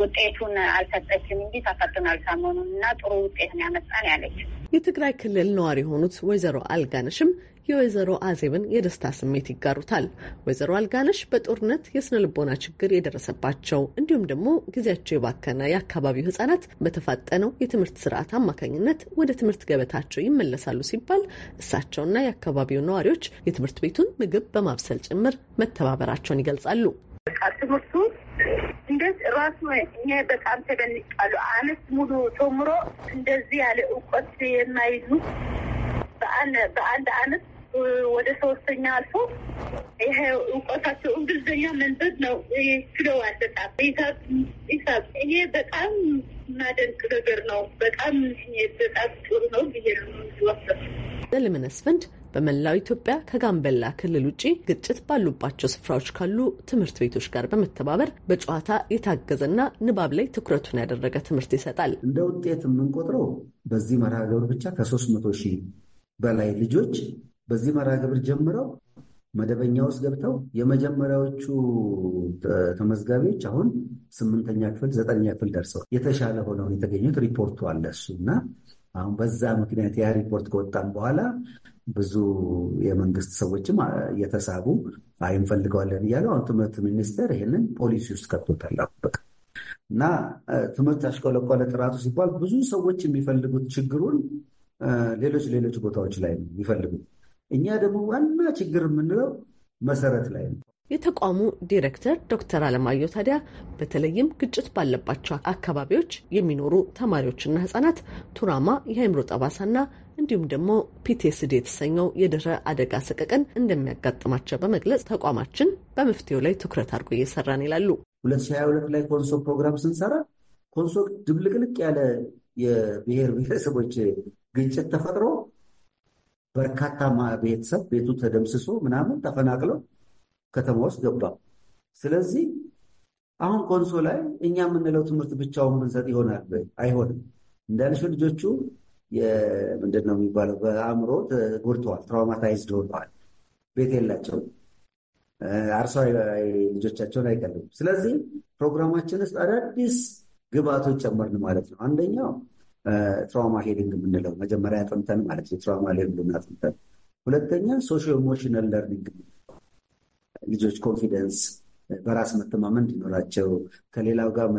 ውጤቱን አልሰጠችም እንጂ ተፈትኗል ሰሞኑን እና ጥሩ ውጤት ያመጣን ያለች። የትግራይ ክልል ነዋሪ የሆኑት ወይዘሮ አልጋነሽም የወይዘሮ አዜብን የደስታ ስሜት ይጋሩታል። ወይዘሮ አልጋነሽ በጦርነት የስነ ልቦና ችግር የደረሰባቸው እንዲሁም ደግሞ ጊዜያቸው የባከነ የአካባቢው ህጻናት በተፋጠነው የትምህርት ስርዓት አማካኝነት ወደ ትምህርት ገበታቸው ይመለሳሉ ሲባል እሳቸውና የአካባቢው ነዋሪዎች የትምህርት ቤቱን ምግብ በማብሰል ጭምር መተባበራቸውን ይገልጻሉ። ትምህርቱ እንደዚህ ራሱ እኔ በጣም ተደንቃሉ። አመት ሙሉ ተምሮ እንደዚህ ያለ እውቀት የማይዙ በአንድ አመት ወደ ሶስተኛ አልፎ ይሄ እውቀታቸው እንግሊዝኛ መንበብ ነው ችለዋል። በጣም ሂሳብ ይሄ በጣም የማደንቅ ነገር ነው። በጣም በጣም ጥሩ ነው ብዬ ነው ለልመነስ ፈንድ በመላው ኢትዮጵያ ከጋምቤላ ክልል ውጪ ግጭት ባሉባቸው ስፍራዎች ካሉ ትምህርት ቤቶች ጋር በመተባበር በጨዋታ የታገዘና ንባብ ላይ ትኩረቱን ያደረገ ትምህርት ይሰጣል። እንደ ውጤት የምንቆጥረው በዚህ መርሃ ግብር ብቻ ከሶስት መቶ ሺህ በላይ ልጆች በዚህ መርሃ ግብር ጀምረው መደበኛ ውስጥ ገብተው የመጀመሪያዎቹ ተመዝጋቢዎች አሁን ስምንተኛ ክፍል ዘጠነኛ ክፍል ደርሰው የተሻለ ሆነው የተገኙት ሪፖርቱ አለ እሱ እና አሁን በዛ ምክንያት ያ ሪፖርት ከወጣም በኋላ ብዙ የመንግስት ሰዎችም እየተሳቡ አይንፈልገዋለን እያለው አሁን ትምህርት ሚኒስቴር ይህንን ፖሊሲ ውስጥ ከቶታል። አበቃ እና ትምህርት አሽቆለቆለ ጥራቱ ሲባል ብዙ ሰዎች የሚፈልጉት ችግሩን ሌሎች ሌሎች ቦታዎች ላይ ነው የሚፈልጉት እኛ ደግሞ ዋና ችግር የምንለው መሰረት ላይ ነው። የተቋሙ ዲሬክተር ዶክተር አለማየሁ ታዲያ በተለይም ግጭት ባለባቸው አካባቢዎች የሚኖሩ ተማሪዎችና ህጻናት ቱራማ የአእምሮ ጠባሳና እንዲሁም ደግሞ ፒቴስድ የተሰኘው የድህረ አደጋ ሰቀቀን እንደሚያጋጥማቸው በመግለጽ ተቋማችን በመፍትሄው ላይ ትኩረት አድርጎ እየሰራን ይላሉ። 2022 ላይ ኮንሶ ፕሮግራም ስንሰራ ኮንሶ ድብልቅልቅ ያለ የብሔር ብሔረሰቦች ግጭት ተፈጥሮ በርካታ ቤተሰብ ቤቱ ተደምስሶ ምናምን ተፈናቅለው ከተማ ውስጥ ገባ። ስለዚህ አሁን ኮንሶ ላይ እኛ የምንለው ትምህርት ብቻውን ብንሰጥ ይሆናል? አይሆንም። እንዳልሽው ልጆቹ ምንድን ነው የሚባለው በአእምሮ ጎድተዋል፣ ትራውማታይዝድ ሆነዋል። ቤት የላቸው አርሶ ልጆቻቸውን አይቀልም። ስለዚህ ፕሮግራማችን ውስጥ አዳዲስ ግብአቶች ጨመርን ማለት ነው። አንደኛው ትራውማ ሄሊንግ የምንለው መጀመሪያ አጥንተን ማለት የትራውማ ሌቭሉን አጥንተን፣ ሁለተኛ ሶሽ ኢሞሽናል ለርኒንግ ልጆች ኮንፊደንስ በራስ መተማመን እንዲኖራቸው ከሌላው ጋር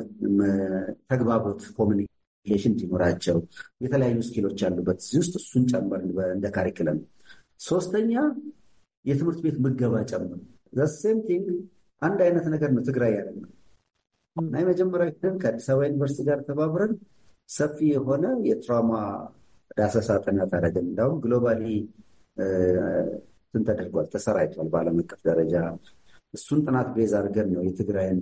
ተግባቦት ኮሚኒኬሽን እንዲኖራቸው የተለያዩ ስኪሎች ያሉበት እዚህ ውስጥ እሱን ጨምር እንደ ካሪክለም። ሶስተኛ የትምህርት ቤት ምገባ ጨምር። ዘሴም ቲንግ አንድ አይነት ነገር ነው ትግራይ ያለ ነው እና የመጀመሪያ ከአዲስ አበባ ዩኒቨርሲቲ ጋር ተባብረን ሰፊ የሆነ የትራውማ ዳሰሳ ጥናት እንዳሁም እንዲሁም ግሎባሊ እንትን ተደርጓል፣ ተሰራይቷል በዓለም አቀፍ ደረጃ። እሱን ጥናት ቤዝ አድርገን ነው የትግራይን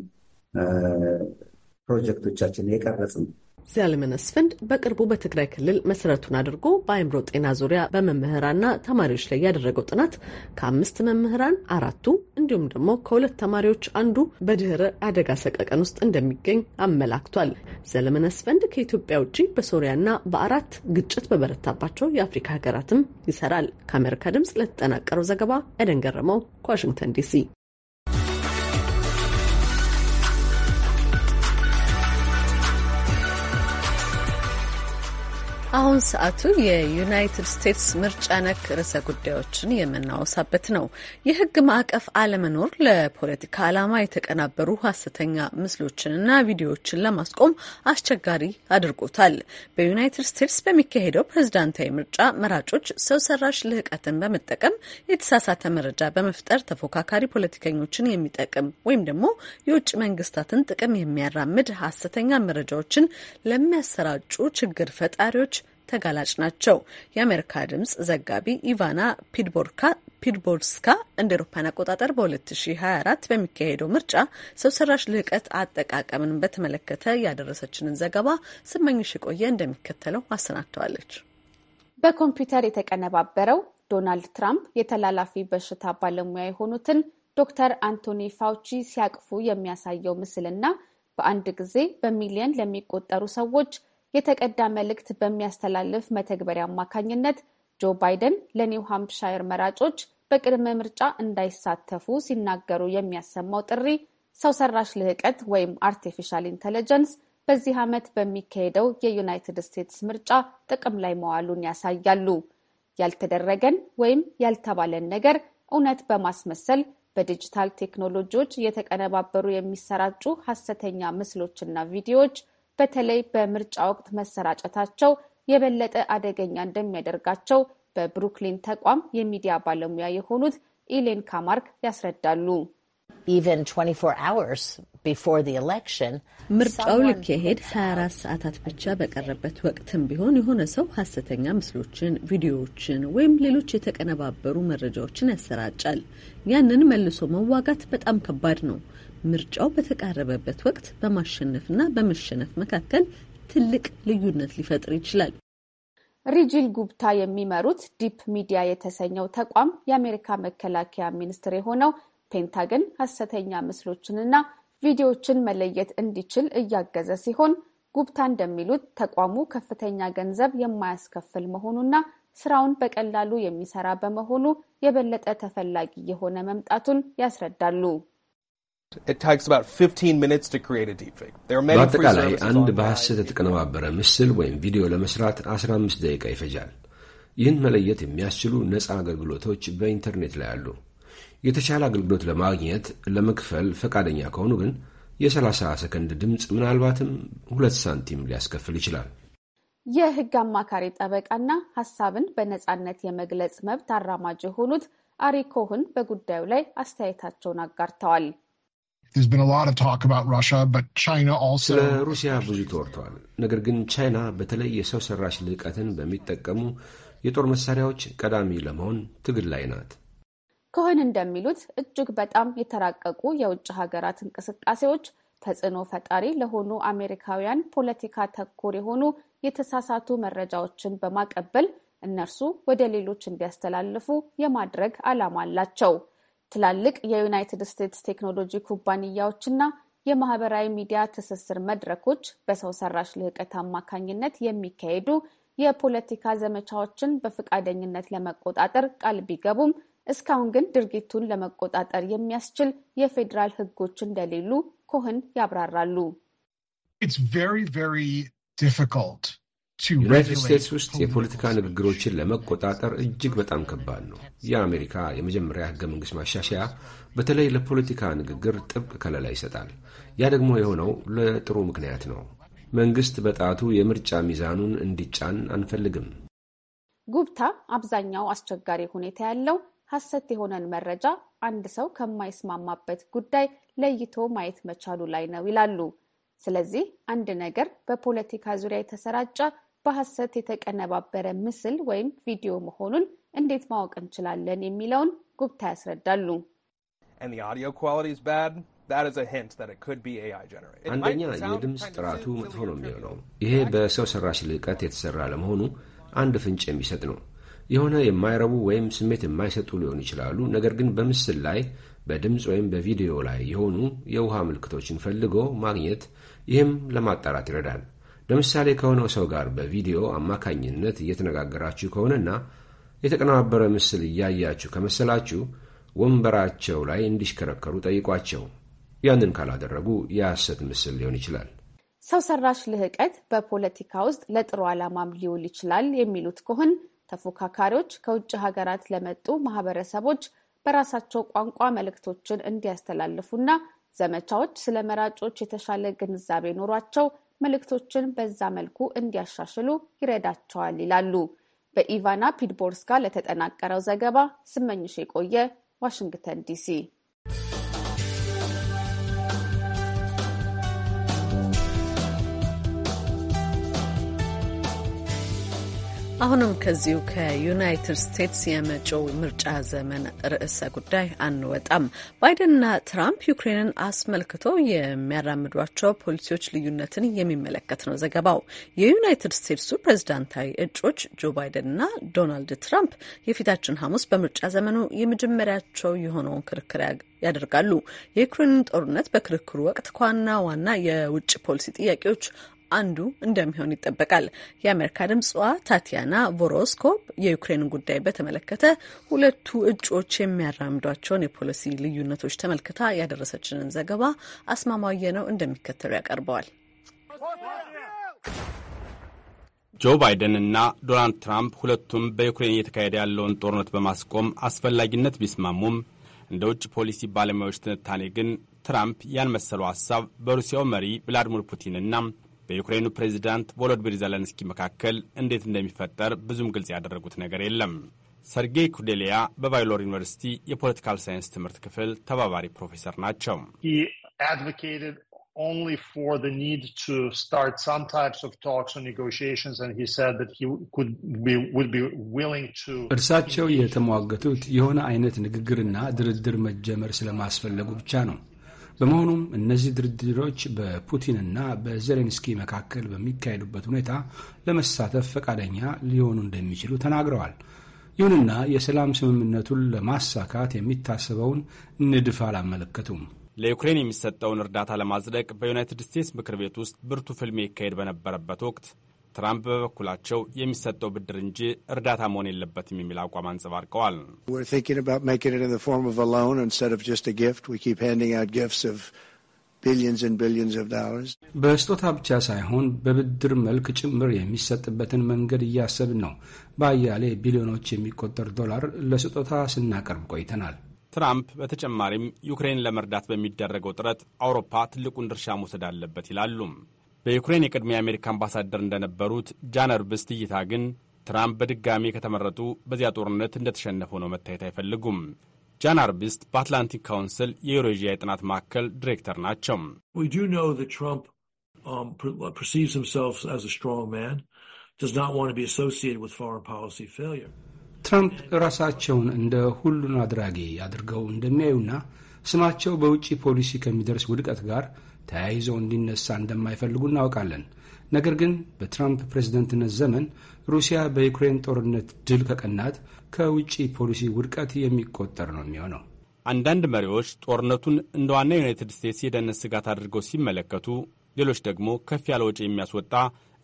ፕሮጀክቶቻችን የቀረጽነው። ዘላለመነስ ፈንድ በቅርቡ በትግራይ ክልል መሰረቱን አድርጎ በአእምሮ ጤና ዙሪያ በመምህራንና ተማሪዎች ላይ ያደረገው ጥናት ከአምስት መምህራን አራቱ እንዲሁም ደግሞ ከሁለት ተማሪዎች አንዱ በድህረ አደጋ ሰቀቀን ውስጥ እንደሚገኝ አመላክቷል። ዘለመነስ ፈንድ ከኢትዮጵያ ውጭ በሶሪያና በአራት ግጭት በበረታባቸው የአፍሪካ ሀገራትም ይሰራል። ከአሜሪካ ድምፅ ለተጠናቀረው ዘገባ ኤደን ገረመው ከዋሽንግተን ዲሲ አሁን ሰዓቱ የዩናይትድ ስቴትስ ምርጫ ነክ ርዕሰ ጉዳዮችን የምናወሳበት ነው። የሕግ ማዕቀፍ አለመኖር ለፖለቲካ ዓላማ የተቀናበሩ ሀሰተኛ ምስሎችንና ቪዲዮዎችን ለማስቆም አስቸጋሪ አድርጎታል። በዩናይትድ ስቴትስ በሚካሄደው ፕሬዝዳንታዊ ምርጫ መራጮች ሰው ሰራሽ ልህቀትን በመጠቀም የተሳሳተ መረጃ በመፍጠር ተፎካካሪ ፖለቲከኞችን የሚጠቅም ወይም ደግሞ የውጭ መንግስታትን ጥቅም የሚያራምድ ሀሰተኛ መረጃዎችን ለሚያሰራጩ ችግር ፈጣሪዎች ተጋላጭ ናቸው። የአሜሪካ ድምጽ ዘጋቢ ኢቫና ፒድቦርካ ፒድቦርስካ እንደ ኤሮፓን አቆጣጠር በ2024 በሚካሄደው ምርጫ ሰው ሰራሽ ልህቀት አጠቃቀምን በተመለከተ ያደረሰችንን ዘገባ ስመኝሽ የቆየ እንደሚከተለው አሰናድተዋለች። በኮምፒውተር የተቀነባበረው ዶናልድ ትራምፕ የተላላፊ በሽታ ባለሙያ የሆኑትን ዶክተር አንቶኒ ፋውቺ ሲያቅፉ የሚያሳየው ምስልና በአንድ ጊዜ በሚሊየን ለሚቆጠሩ ሰዎች የተቀዳ መልእክት በሚያስተላልፍ መተግበሪያ አማካኝነት ጆ ባይደን ለኒው ሃምፕሻየር መራጮች በቅድመ ምርጫ እንዳይሳተፉ ሲናገሩ የሚያሰማው ጥሪ ሰው ሰራሽ ልህቀት ወይም አርቲፊሻል ኢንተለጀንስ በዚህ ዓመት በሚካሄደው የዩናይትድ ስቴትስ ምርጫ ጥቅም ላይ መዋሉን ያሳያሉ። ያልተደረገን ወይም ያልተባለን ነገር እውነት በማስመሰል በዲጂታል ቴክኖሎጂዎች እየተቀነባበሩ የሚሰራጩ ሀሰተኛ ምስሎችና ቪዲዮዎች በተለይ በምርጫ ወቅት መሰራጨታቸው የበለጠ አደገኛ እንደሚያደርጋቸው በብሩክሊን ተቋም የሚዲያ ባለሙያ የሆኑት ኢሌን ካማርክ ያስረዳሉ። ምርጫው ሊካሄድ 24 ሰዓታት ብቻ በቀረበት ወቅትም ቢሆን የሆነ ሰው ሀሰተኛ ምስሎችን፣ ቪዲዮዎችን ወይም ሌሎች የተቀነባበሩ መረጃዎችን ያሰራጫል። ያንን መልሶ መዋጋት በጣም ከባድ ነው። ምርጫው በተቃረበበት ወቅት በማሸነፍና በመሸነፍ መካከል ትልቅ ልዩነት ሊፈጥር ይችላል። ሪጂል ጉብታ የሚመሩት ዲፕ ሚዲያ የተሰኘው ተቋም የአሜሪካ መከላከያ ሚኒስትር የሆነው ፔንታገን ሀሰተኛ ምስሎችንና ቪዲዮዎችን መለየት እንዲችል እያገዘ ሲሆን ጉብታ እንደሚሉት ተቋሙ ከፍተኛ ገንዘብ የማያስከፍል መሆኑና ስራውን በቀላሉ የሚሰራ በመሆኑ የበለጠ ተፈላጊ የሆነ መምጣቱን ያስረዳሉ። በአጠቃላይ አንድ በሐሰት የተቀነባበረ ምስል ወይም ቪዲዮ ለመስራት 15 ደቂቃ ይፈጃል። ይህን መለየት የሚያስችሉ ነፃ አገልግሎቶች በኢንተርኔት ላይ አሉ። የተሻለ አገልግሎት ለማግኘት ለመክፈል ፈቃደኛ ከሆኑ ግን የ30 ሰከንድ ድምፅ ምናልባትም ሁለት ሳንቲም ሊያስከፍል ይችላል። የህግ አማካሪ ጠበቃና ሀሳብን በነፃነት የመግለጽ መብት አራማጅ የሆኑት አሪ ኮህን በጉዳዩ ላይ አስተያየታቸውን አጋርተዋል። ስለ ሩሲያ ብዙ ተወርተዋል። ነገር ግን ቻይና በተለይ የሰው ሰራሽ ልዕቀትን በሚጠቀሙ የጦር መሳሪያዎች ቀዳሚ ለመሆን ትግል ላይ ናት። ከሆን እንደሚሉት እጅግ በጣም የተራቀቁ የውጭ ሀገራት እንቅስቃሴዎች ተጽዕኖ ፈጣሪ ለሆኑ አሜሪካውያን ፖለቲካ ተኮር የሆኑ የተሳሳቱ መረጃዎችን በማቀበል እነርሱ ወደ ሌሎች እንዲያስተላልፉ የማድረግ ዓላማ አላቸው። ትላልቅ የዩናይትድ ስቴትስ ቴክኖሎጂ ኩባንያዎችና የማህበራዊ ሚዲያ ትስስር መድረኮች በሰው ሰራሽ ልህቀት አማካኝነት የሚካሄዱ የፖለቲካ ዘመቻዎችን በፈቃደኝነት ለመቆጣጠር ቃል ቢገቡም እስካሁን ግን ድርጊቱን ለመቆጣጠር የሚያስችል የፌዴራል ሕጎች እንደሌሉ ኮህን ያብራራሉ። ዩናይትድስቴትስ ውስጥ የፖለቲካ ንግግሮችን ለመቆጣጠር እጅግ በጣም ከባድ ነው። የአሜሪካ የመጀመሪያ ህገ መንግስት ማሻሻያ በተለይ ለፖለቲካ ንግግር ጥብቅ ከለላ ይሰጣል። ያ ደግሞ የሆነው ለጥሩ ምክንያት ነው። መንግስት በጣቱ የምርጫ ሚዛኑን እንዲጫን አንፈልግም። ጉብታ አብዛኛው አስቸጋሪ ሁኔታ ያለው ሐሰት የሆነን መረጃ አንድ ሰው ከማይስማማበት ጉዳይ ለይቶ ማየት መቻሉ ላይ ነው ይላሉ። ስለዚህ አንድ ነገር በፖለቲካ ዙሪያ የተሰራጨ በሐሰት የተቀነባበረ ምስል ወይም ቪዲዮ መሆኑን እንዴት ማወቅ እንችላለን የሚለውን ጉብታ ያስረዳሉ። አንደኛ የድምፅ ጥራቱ መጥፎ ነው የሚሆነው። ይሄ በሰው ሰራሽ ልቀት የተሰራ ለመሆኑ አንድ ፍንጭ የሚሰጥ ነው። የሆነ የማይረቡ ወይም ስሜት የማይሰጡ ሊሆኑ ይችላሉ። ነገር ግን በምስል ላይ በድምፅ ወይም በቪዲዮ ላይ የሆኑ የውሃ ምልክቶችን ፈልጎ ማግኘት፣ ይህም ለማጣራት ይረዳል። ለምሳሌ ከሆነው ሰው ጋር በቪዲዮ አማካኝነት እየተነጋገራችሁ ከሆነና የተቀነባበረ ምስል እያያችሁ ከመሰላችሁ ወንበራቸው ላይ እንዲሽከረከሩ ጠይቋቸው። ያንን ካላደረጉ የሐሰት ምስል ሊሆን ይችላል። ሰው ሰራሽ ልህቀት በፖለቲካ ውስጥ ለጥሩ ዓላማም ሊውል ይችላል የሚሉት ከሆን ተፎካካሪዎች ከውጭ ሀገራት ለመጡ ማህበረሰቦች በራሳቸው ቋንቋ መልእክቶችን እንዲያስተላልፉና ዘመቻዎች ስለ መራጮች የተሻለ ግንዛቤ ኖሯቸው መልእክቶችን በዛ መልኩ እንዲያሻሽሉ ይረዳቸዋል ይላሉ። በኢቫና ፒድቦርስካ ለተጠናቀረው ዘገባ ስመኝሽ የቆየ ዋሽንግተን ዲሲ አሁንም ከዚሁ ከዩናይትድ ስቴትስ የመጪው ምርጫ ዘመን ርዕሰ ጉዳይ አንወጣም። ባይደንና ትራምፕ ዩክሬንን አስመልክቶ የሚያራምዷቸው ፖሊሲዎች ልዩነትን የሚመለከት ነው ዘገባው። የዩናይትድ ስቴትሱ ፕሬዝዳንታዊ እጩዎች ጆ ባይደንና ዶናልድ ትራምፕ የፊታችን ሐሙስ በምርጫ ዘመኑ የመጀመሪያቸው የሆነውን ክርክር ያደርጋሉ። የዩክሬንን ጦርነት በክርክሩ ወቅት ከዋና ዋና የውጭ ፖሊሲ ጥያቄዎች አንዱ እንደሚሆን ይጠበቃል። የአሜሪካ ድምፅዋ ታቲያና ቮሮስኮፕ የዩክሬንን ጉዳይ በተመለከተ ሁለቱ እጩዎች የሚያራምዷቸውን የፖሊሲ ልዩነቶች ተመልክታ ያደረሰችንን ዘገባ አስማማየ ነው እንደሚከተሉ ያቀርበዋል። ጆ ባይደን እና ዶናልድ ትራምፕ ሁለቱም በዩክሬን እየተካሄደ ያለውን ጦርነት በማስቆም አስፈላጊነት ቢስማሙም እንደ ውጭ ፖሊሲ ባለሙያዎች ትንታኔ ግን ትራምፕ ያን መሰለው ሀሳብ በሩሲያው መሪ ቭላዲሚር ፑቲንና በዩክሬኑ ፕሬዚዳንት ቮሎዲሚር ዘለንስኪ መካከል እንዴት እንደሚፈጠር ብዙም ግልጽ ያደረጉት ነገር የለም። ሰርጌይ ኩዴሊያ በቫይሎር ዩኒቨርሲቲ የፖለቲካል ሳይንስ ትምህርት ክፍል ተባባሪ ፕሮፌሰር ናቸው። እርሳቸው የተሟገቱት የሆነ አይነት ንግግርና ድርድር መጀመር ስለማስፈለጉ ብቻ ነው። በመሆኑም እነዚህ ድርድሮች በፑቲንና በዘሌንስኪ መካከል በሚካሄዱበት ሁኔታ ለመሳተፍ ፈቃደኛ ሊሆኑ እንደሚችሉ ተናግረዋል። ይሁንና የሰላም ስምምነቱን ለማሳካት የሚታሰበውን ንድፍ አላመለከቱም። ለዩክሬን የሚሰጠውን እርዳታ ለማጽደቅ በዩናይትድ ስቴትስ ምክር ቤት ውስጥ ብርቱ ፍልሚያ ይካሄድ በነበረበት ወቅት ትራምፕ በበኩላቸው የሚሰጠው ብድር እንጂ እርዳታ መሆን የለበትም የሚል አቋም አንጸባርቀዋል። በስጦታ ብቻ ሳይሆን በብድር መልክ ጭምር የሚሰጥበትን መንገድ እያሰብን ነው። በአያሌ ቢሊዮኖች የሚቆጠር ዶላር ለስጦታ ስናቀርብ ቆይተናል። ትራምፕ በተጨማሪም ዩክሬን ለመርዳት በሚደረገው ጥረት አውሮፓ ትልቁን ድርሻ መውሰድ አለበት ይላሉ። በዩክሬን የቀድሞ የአሜሪካ አምባሳደር እንደነበሩት ጃነር እርብስት እይታ ግን ትራምፕ በድጋሚ ከተመረጡ በዚያ ጦርነት እንደተሸነፉ ነው መታየት አይፈልጉም። ጃን አርቢስት በአትላንቲክ ካውንስል የዩሬዥያ የጥናት ማዕከል ዲሬክተር ናቸው። um, uh, ትራምፕ ራሳቸውን እንደ ሁሉን አድራጊ አድርገው እንደሚያዩና ስማቸው በውጭ ፖሊሲ ከሚደርስ ውድቀት ጋር ተያይዘው እንዲነሳ እንደማይፈልጉ እናውቃለን። ነገር ግን በትራምፕ ፕሬዝደንትነት ዘመን ሩሲያ በዩክሬን ጦርነት ድል ከቀናት ከውጭ ፖሊሲ ውድቀት የሚቆጠር ነው የሚሆነው። አንዳንድ መሪዎች ጦርነቱን እንደ ዋና ዩናይትድ ስቴትስ የደህንነት ስጋት አድርገው ሲመለከቱ፣ ሌሎች ደግሞ ከፍ ያለ ወጪ የሚያስወጣ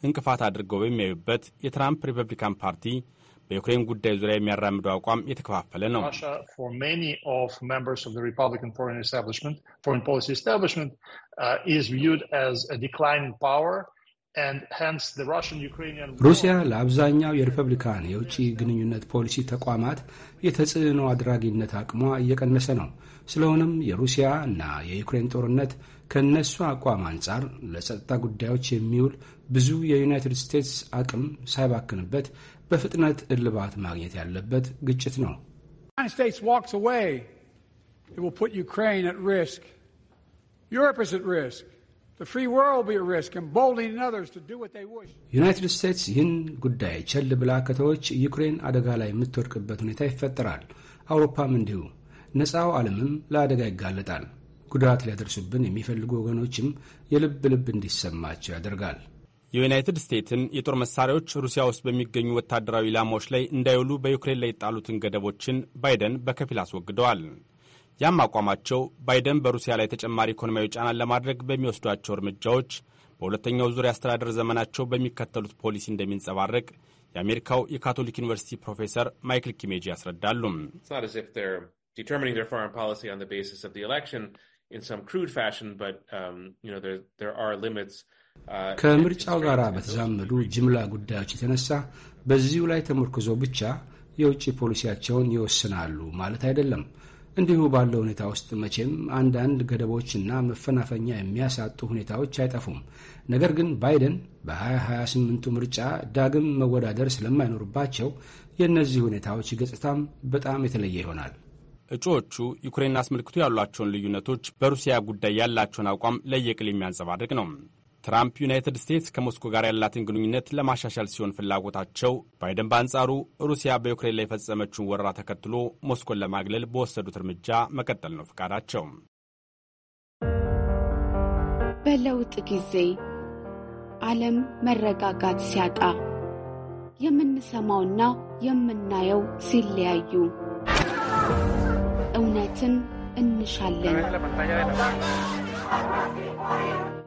እንቅፋት አድርገው በሚያዩበት የትራምፕ ሪፐብሊካን ፓርቲ በዩክሬን ጉዳይ ዙሪያ የሚያራምደው አቋም የተከፋፈለ ነው። ሩሲያ uh, ለአብዛኛው የሪፐብሊካን የውጭ ግንኙነት ፖሊሲ ተቋማት የተጽዕኖ አድራጊነት አቅሟ እየቀነሰ ነው። ስለሆነም የሩሲያ እና የዩክሬን ጦርነት ከእነሱ አቋም አንጻር ለጸጥታ ጉዳዮች የሚውል ብዙ የዩናይትድ ስቴትስ አቅም ሳይባክንበት በፍጥነት እልባት ማግኘት ያለበት ግጭት ነው። ዩናይትድ ስቴትስ ይህን ጉዳይ ቸል ብላ ከተዎች ዩክሬን አደጋ ላይ የምትወድቅበት ሁኔታ ይፈጠራል። አውሮፓም እንዲሁ። ነፃው ዓለምም ለአደጋ ይጋለጣል። ጉዳት ሊያደርሱብን የሚፈልጉ ወገኖችም የልብ ልብ እንዲሰማቸው ያደርጋል። የዩናይትድ ስቴትስን የጦር መሳሪያዎች ሩሲያ ውስጥ በሚገኙ ወታደራዊ ኢላማዎች ላይ እንዳይውሉ በዩክሬን ላይ የጣሉትን ገደቦችን ባይደን በከፊል አስወግደዋል። ያም አቋማቸው ባይደን በሩሲያ ላይ ተጨማሪ ኢኮኖሚያዊ ጫናን ለማድረግ በሚወስዷቸው እርምጃዎች በሁለተኛው ዙር የአስተዳደር ዘመናቸው በሚከተሉት ፖሊሲ እንደሚንጸባረቅ የአሜሪካው የካቶሊክ ዩኒቨርሲቲ ፕሮፌሰር ማይክል ኪሜጂ ያስረዳሉ። ከምርጫው ጋር በተዛመዱ ጅምላ ጉዳዮች የተነሳ በዚሁ ላይ ተመርክዞ ብቻ የውጭ ፖሊሲያቸውን ይወስናሉ ማለት አይደለም። እንዲሁ ባለው ሁኔታ ውስጥ መቼም አንዳንድ ገደቦችና መፈናፈኛ የሚያሳጡ ሁኔታዎች አይጠፉም። ነገር ግን ባይደን በ2028ቱ ምርጫ ዳግም መወዳደር ስለማይኖርባቸው የእነዚህ ሁኔታዎች ገጽታም በጣም የተለየ ይሆናል። እጩዎቹ ዩክሬን አስመልክቶ ያሏቸውን ልዩነቶች፣ በሩሲያ ጉዳይ ያላቸውን አቋም ለየቅል የሚያንጸባርቅ ነው። ትራምፕ ዩናይትድ ስቴትስ ከሞስኮ ጋር ያላትን ግንኙነት ለማሻሻል ሲሆን ፍላጎታቸው፣ ባይደን በአንጻሩ ሩሲያ በዩክሬን ላይ የፈጸመችውን ወረራ ተከትሎ ሞስኮን ለማግለል በወሰዱት እርምጃ መቀጠል ነው ፍቃዳቸው። በለውጥ ጊዜ ዓለም መረጋጋት ሲያጣ የምንሰማውና የምናየው ሲለያዩ እውነትን እንሻለን።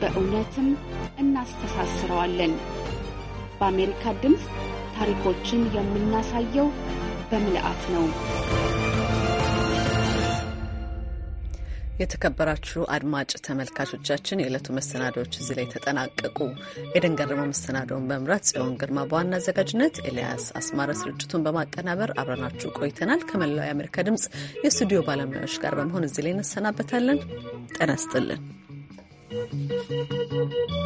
በእውነትም እናስተሳስረዋለን። በአሜሪካ ድምፅ ታሪኮችን የምናሳየው በምልአት ነው። የተከበራችሁ አድማጭ ተመልካቾቻችን የዕለቱ መሰናዶዎች እዚህ ላይ ተጠናቀቁ። ኤደን ገረመው መሰናዶውን በመምራት ጽዮን ግርማ በዋና አዘጋጅነት፣ ኤልያስ አስማረ ስርጭቱን በማቀናበር አብረናችሁ ቆይተናል። ከመላው የአሜሪካ ድምፅ የስቱዲዮ ባለሙያዎች ጋር በመሆን እዚህ ላይ እንሰናበታለን። ጤና ይስጥልን። Música